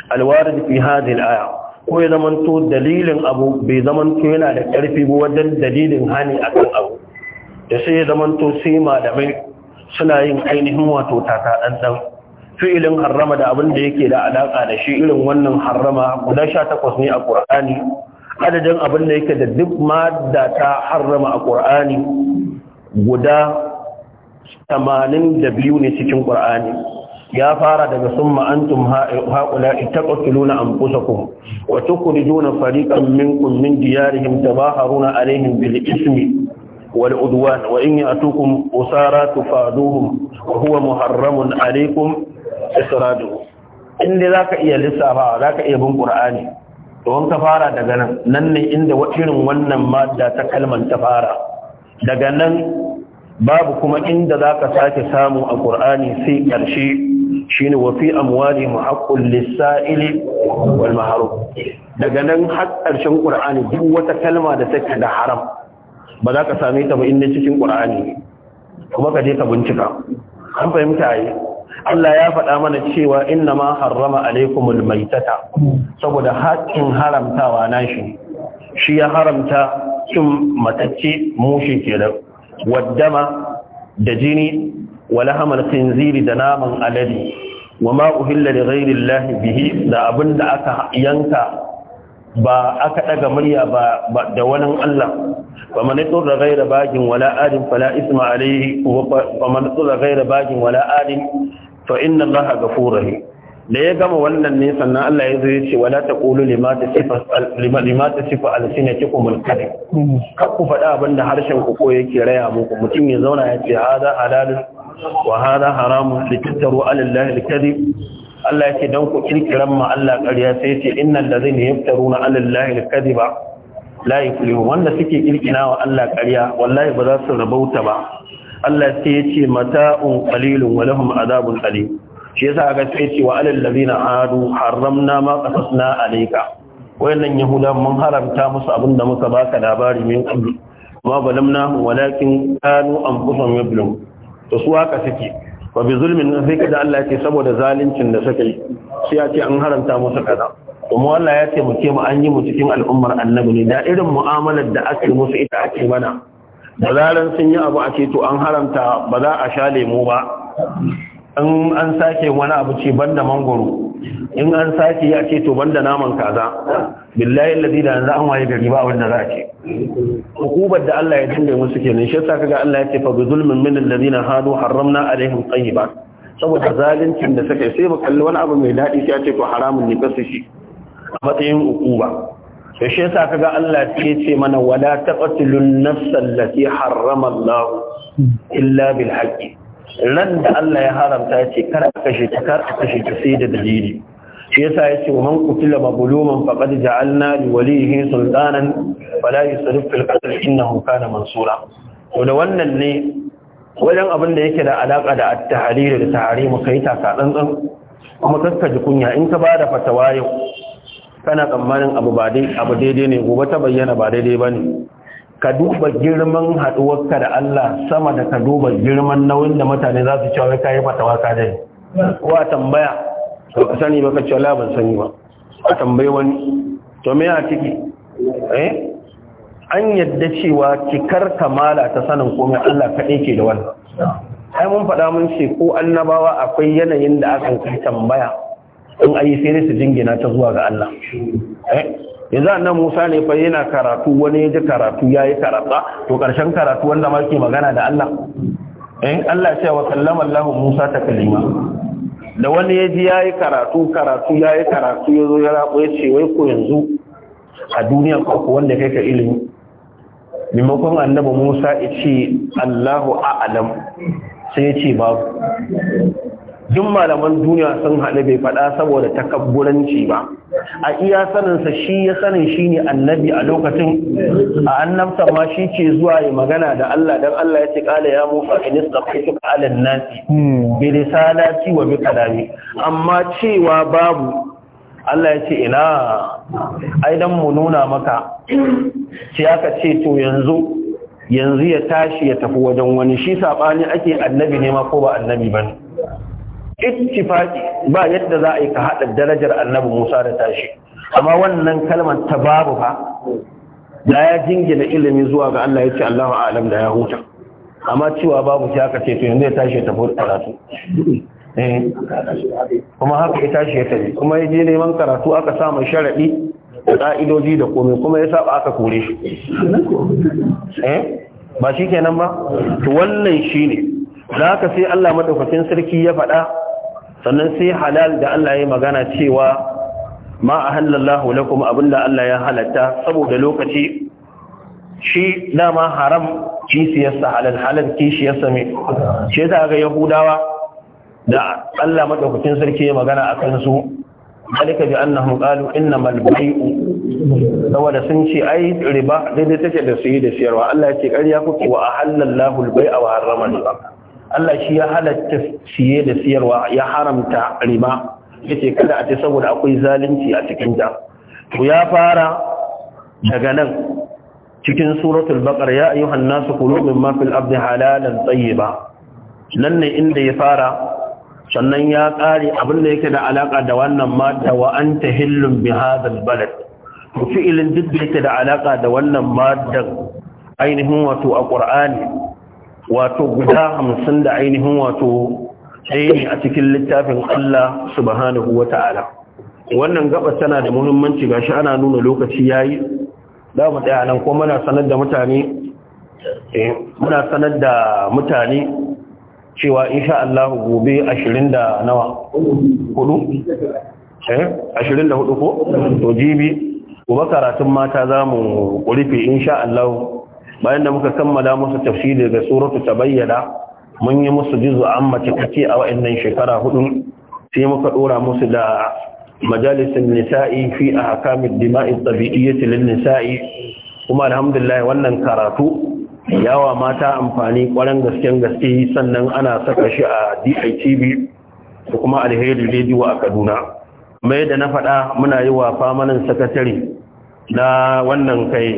alwarid fi hadhihi alaya ko ya to dalilin abu bai to yana da karfi ba wajen dalilin hani akan abu da sai ya to sai malamai suna yin ainihin wato tata dan dan fi'ilin harrama da abin da yake da alaka da shi irin wannan harrama guda 18 ne a Qur'ani adadin abin da yake da duk madda ta harrama a Qur'ani guda tamanin da biyu ne cikin ƙur'ani ya fara daga sun ma'antum haƙula ita ƙasuluna an kusa ku wata kuri juna fariƙan minkum min diyarihim ta ba haruna alaihim bil ismi wal udwan wa in ya'tukum usara tufaduhum wa huwa muharramun alaikum isradu in za zaka iya lissafa ka iya bin ƙur'ani? to ka fara daga nan nan ne inda irin wannan mada ta kalman ta fara daga nan babu kuma inda za ka sake samu a ƙur'ani sai ƙarshe shi ne wafi amwali muhaƙƙun lissa'ili wal maharu daga nan har ƙarshen ƙur'ani duk wata kalma da take da haram ba za ka same ta ba inda cikin ƙur'ani kuma ka je ka bincika an fahimta yi Allah ya faɗa mana cewa inna ma harrama alaikum maitata saboda haƙƙin haramtawa nashi shi ya haramta cin matacce mushi kenan waddama da jini wala hamal khinziri da naman alade wa ma uhilla li ghairi llahi bihi da abinda aka yanka ba aka daga murya ba da wani Allah wa man yurra ghaira bagin wala adin fala isma alayhi wa man yurra ghaira bagin wala adin fa inna allaha ghafurur rahim da ya gama wannan ne sannan Allah ya zo ya ce wala taqulu lima sifa lima tasifa alsinatukum alkalim kar ku faɗa abinda harshen ku ko yake raya muku mutum ya zauna ya ce hada halalun wa hada haramun litattaru ala Allah alkadib Allah yake dan ku kirkiran ma Allah ƙarya sai ce innal ladzina yaftaruna ala Allah alkadiba la yuflihu wanda suke kirkina wa Allah ƙarya wallahi ba za su rabauta ba Allah sai ya ce mata'un qalilun wa lahum adabun alim shi yasa ga sai ce wa alal ladina adu haramna ma qasasna alayka wayannan yahuda mun haramta musu abin da muka baka labari min qabl ma balamna walakin kanu anfusahum yablum to su haka suke wa bi zulmin sai kada Allah ce saboda zaluncin da suka yi sai ya ce an haramta musu kaza kuma Allah ya taimake mu an yi mu cikin al'ummar annabi ne da irin mu'amalar da aka musu ita ake mana da zaran sun yi abu a ce to an haramta ba za a sha lemu ba in an sake wani abu ce banda mangoro in an sake ya ce to banda naman kaza billahi alladhi da yanzu an waye gari ba wanda za a ce hukubar da Allah ya dinga musu kenan shi yasa kaga Allah ya ce fa bi zulmin min alladhina hadu harramna alaihim Tayyiba? saboda zaluncin da suka sai ba kalli wani abu mai daɗi sai a ce to haramun ne kasu shi a matsayin hukuba to shi yasa kaga Allah ya ce mana wala taqtulun nafsal lati harrama Allah illa bil haqqi ran da Allah ya haramta ya ce kar a kashe ta kar a kashe ta sai da dalili shi yasa ya ce man qutila mabluman faqad ja'alna li walihi sultanan fala yusrif fil qatl innahu kana mansura to da wannan ne wajen abin da yake da alaka da at-tahrir da tahrimu kai ta ka tsantsan kuma kaska ji kunya in ka bada fatawa yau kana tsammanin abu ba dai abu daidai ne gobe ta bayyana ba daidai bane ka duba girman haɗuwarka da Allah sama da ka duba girman nauyin da mutane za su cewa kai yi fatawa ka dai a tambaya to ka sani ba ka cewa la ban sani ba a tambayi wani to me ya ciki eh an yadda cewa cikar kamala ta sanin komai Allah kaɗai ke da wannan ai mun faɗa mun ce ko annabawa akwai yanayin da aka tambaya in ayi sai su jingina ta zuwa ga Allah eh yanzu annan musa ne fa yana karatu wani ya ji karatu ya yi karatsa to ƙarshen karatu wanda ma ke magana da allah in eh, allah ce wa sallama Allah musa ta kalima da wani ya ji ya yi karatu karatu ya yi karatu ya zo ya rabu ya ce wai ko yanzu a duniyar kwakwa wanda kai ka ilimi maimakon annabi musa ya ce allahu a'alam sai ya ce babu duk malaman duniya sun haɗu bai faɗa saboda takabburanci ba a iya saninsa shi ya sanin shi ne annabi a lokacin a annabta ma shi ce zuwa yi magana da Allah don Allah ya ce ƙala ya mu fa'inis suka kai tuka alin nasi bi risalati wa bi kalami amma cewa babu Allah ya ce ina ai dan mu nuna maka ce aka ce to yanzu yanzu ya tashi ya tafi wajen wani shi saɓani ake annabi ne ma ko ba annabi ne? ittifaqi ba yadda za a yi ka haɗa darajar annabi Musa da tashi amma wannan kalmar ta babu fa da ya jingina ilimi zuwa ga Allah yace Allahu a'lam da ya huta amma cewa babu ta aka ce to yanzu ya tashi ta fara karatu eh, kuma haka ya tashi ya tafi kuma ya je neman karatu aka sa mai sharadi da ka'idoji da komai kuma ya saba aka kore shi eh, ba shi kenan ba to wannan shine Za ka sai Allah madaukakin sarki ya faɗa sannan sai halal da Allah ya magana cewa ma ahallallahu abin abinda Allah ya halatta saboda lokaci shi dama haram kisiyarsa halal halal kishiyarsa mai ce ta ga yahudawa da Allah madaukakin sarki ya magana akan su ذلك بأنهم قالوا إنما البيع saboda sun ce ai riba dai take da suyi da siyarwa Allah ya ce ƙarya kuke wa ahalla al-bai'a wa harrama Allah shi ya halatta siye da siyarwa ya haramta riba yace kada a ce saboda akwai zalunci a cikin ta to ya fara daga nan cikin suratul baqara ya ayyuhan nasu kulu mimma fil ardi halalan tayyiba nan ne inda ya fara sannan ya kare abin da yake da alaka da wannan mata wa anta hillum bi hadhal balad fi'ilin duk da yake da alaka da wannan madan ainihin wato a qur'ani wato guda hamsin da ainihin wato ɗaya ne a cikin littafin Allah subhanahu wa ta'ala wannan gaba tana da muhimmanci gashi ana nuna lokaci yi. za mu ɗaya nan ko muna sanar da mutane eh, muna sanar da mutane cewa insha Allah gobe ashirin da nawa hudu eh, da hudu ko to jibi gobe karatun mata za mu kurife insha Allah bayan da muka kammala musu tafsiri daga suratu tabayyana mun yi musu juzu amma kace a wa'annan shekara hudu sai muka dora musu da majalisin nisa'i fi ahkamid dima'i tabi'iyyati lin nisa'i kuma alhamdulillah wannan karatu yawa mata amfani kwaran gasken gaske sannan ana saka shi a DITV da kuma alheri rediyo a Kaduna mai da na faɗa muna yi wa famanin sakatare na wannan kai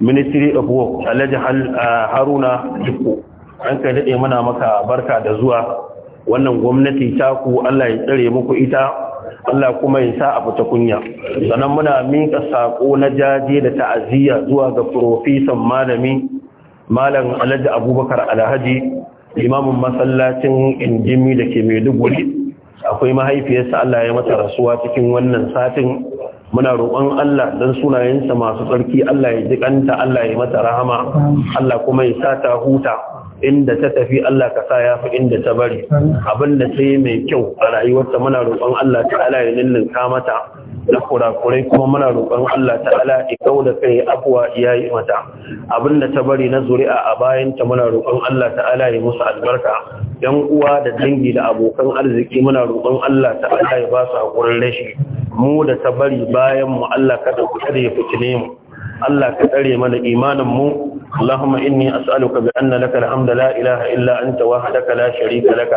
ministry of work alhaji uh, haruna jiko an kai daɗe mana maka barka da zuwa wannan gwamnati ta ku allah ya tsare muku ita allah kuma ya sa a fita kunya sannan muna miƙa saƙo na jaje da ta'aziyya zuwa ga profesan malami malam alhaji abubakar alhaji limamin masallacin injimi da ke maiduguri akwai mahaifiyarsa allah ya mata rasuwa cikin wannan satin muna roƙon Allah dan sunayensa masu tsarki Allah ya jikanta Allah ya mata rahama Allah kuma ya sa ta huta inda ta tafi Allah ka sa ya fi inda ta bari abin da sai mai kyau a rayuwarta muna roƙon Allah ta'ala ya nillin mata da kurakurai kuma muna roƙon Allah ta'ala ya kau da kai abuwa ya yi mata abin da ta bari na zuri'a a bayanta muna roƙon Allah ta'ala ya musu albarka yan uwa da dangi da abokan arziki muna roƙon Allah ta'ala ya ba su haƙurin rashi mu da ta bari bayan mu Allah kada ku fitine Allah ka tsare mana imanin mu اللهم إني أسألك بأن لك الحمد لا إله إلا أنت وحدك لا شريك لك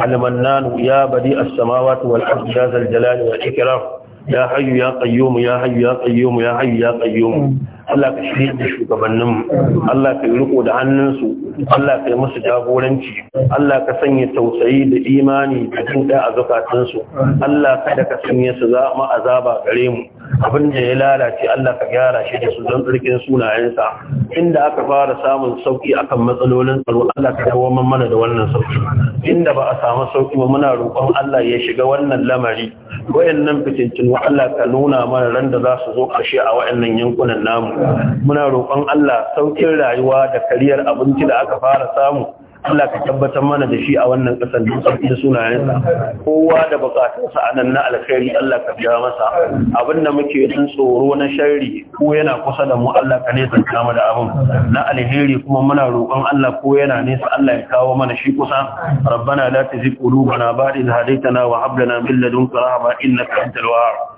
على منان يا بديع السماوات والأرض يا ذا الجلال والإكرام ya hayyu ya qayyumu ya hayyu ya qayyumu ya hayyu ya qayyumu Allah ka shirye da shugabannin Allah ka riko da hannunsu Allah ka yi musu jagoranci Allah ka sanya tausayi da imani da jin da a zakatunsu Allah da ka sanya su za mu azaba gare mu abin da ya lalace Allah ka gyara shi da su don tsarkin sunayensa inda aka fara samun sauki akan matsalolin tsaro Allah ka dawo mana da wannan sauki inda ba a samu sauki ba muna roƙon Allah ya shiga wannan lamari wayannan fitintinu Allah ka nuna mana ran da za su zo ƙarshe a waɗannan yankunan namu muna roƙon Allah saukin rayuwa da kariyar abinci da aka fara samu Allah ka tabbatar mana da shi a wannan ƙasar duk da sunayensa kowa da bukatunsa a nan na alkhairi Allah ka biya masa abin da muke yin tsoro na sharri ko yana kusa da mu Allah ka nesa mu da abin na alheri kuma muna roƙon Allah ko yana nesa Allah ya kawo mana shi kusa rabbana la tuzigh qulubana ba'da idh hadaytana wa hab lana min ladunka rahma innaka antal wahhab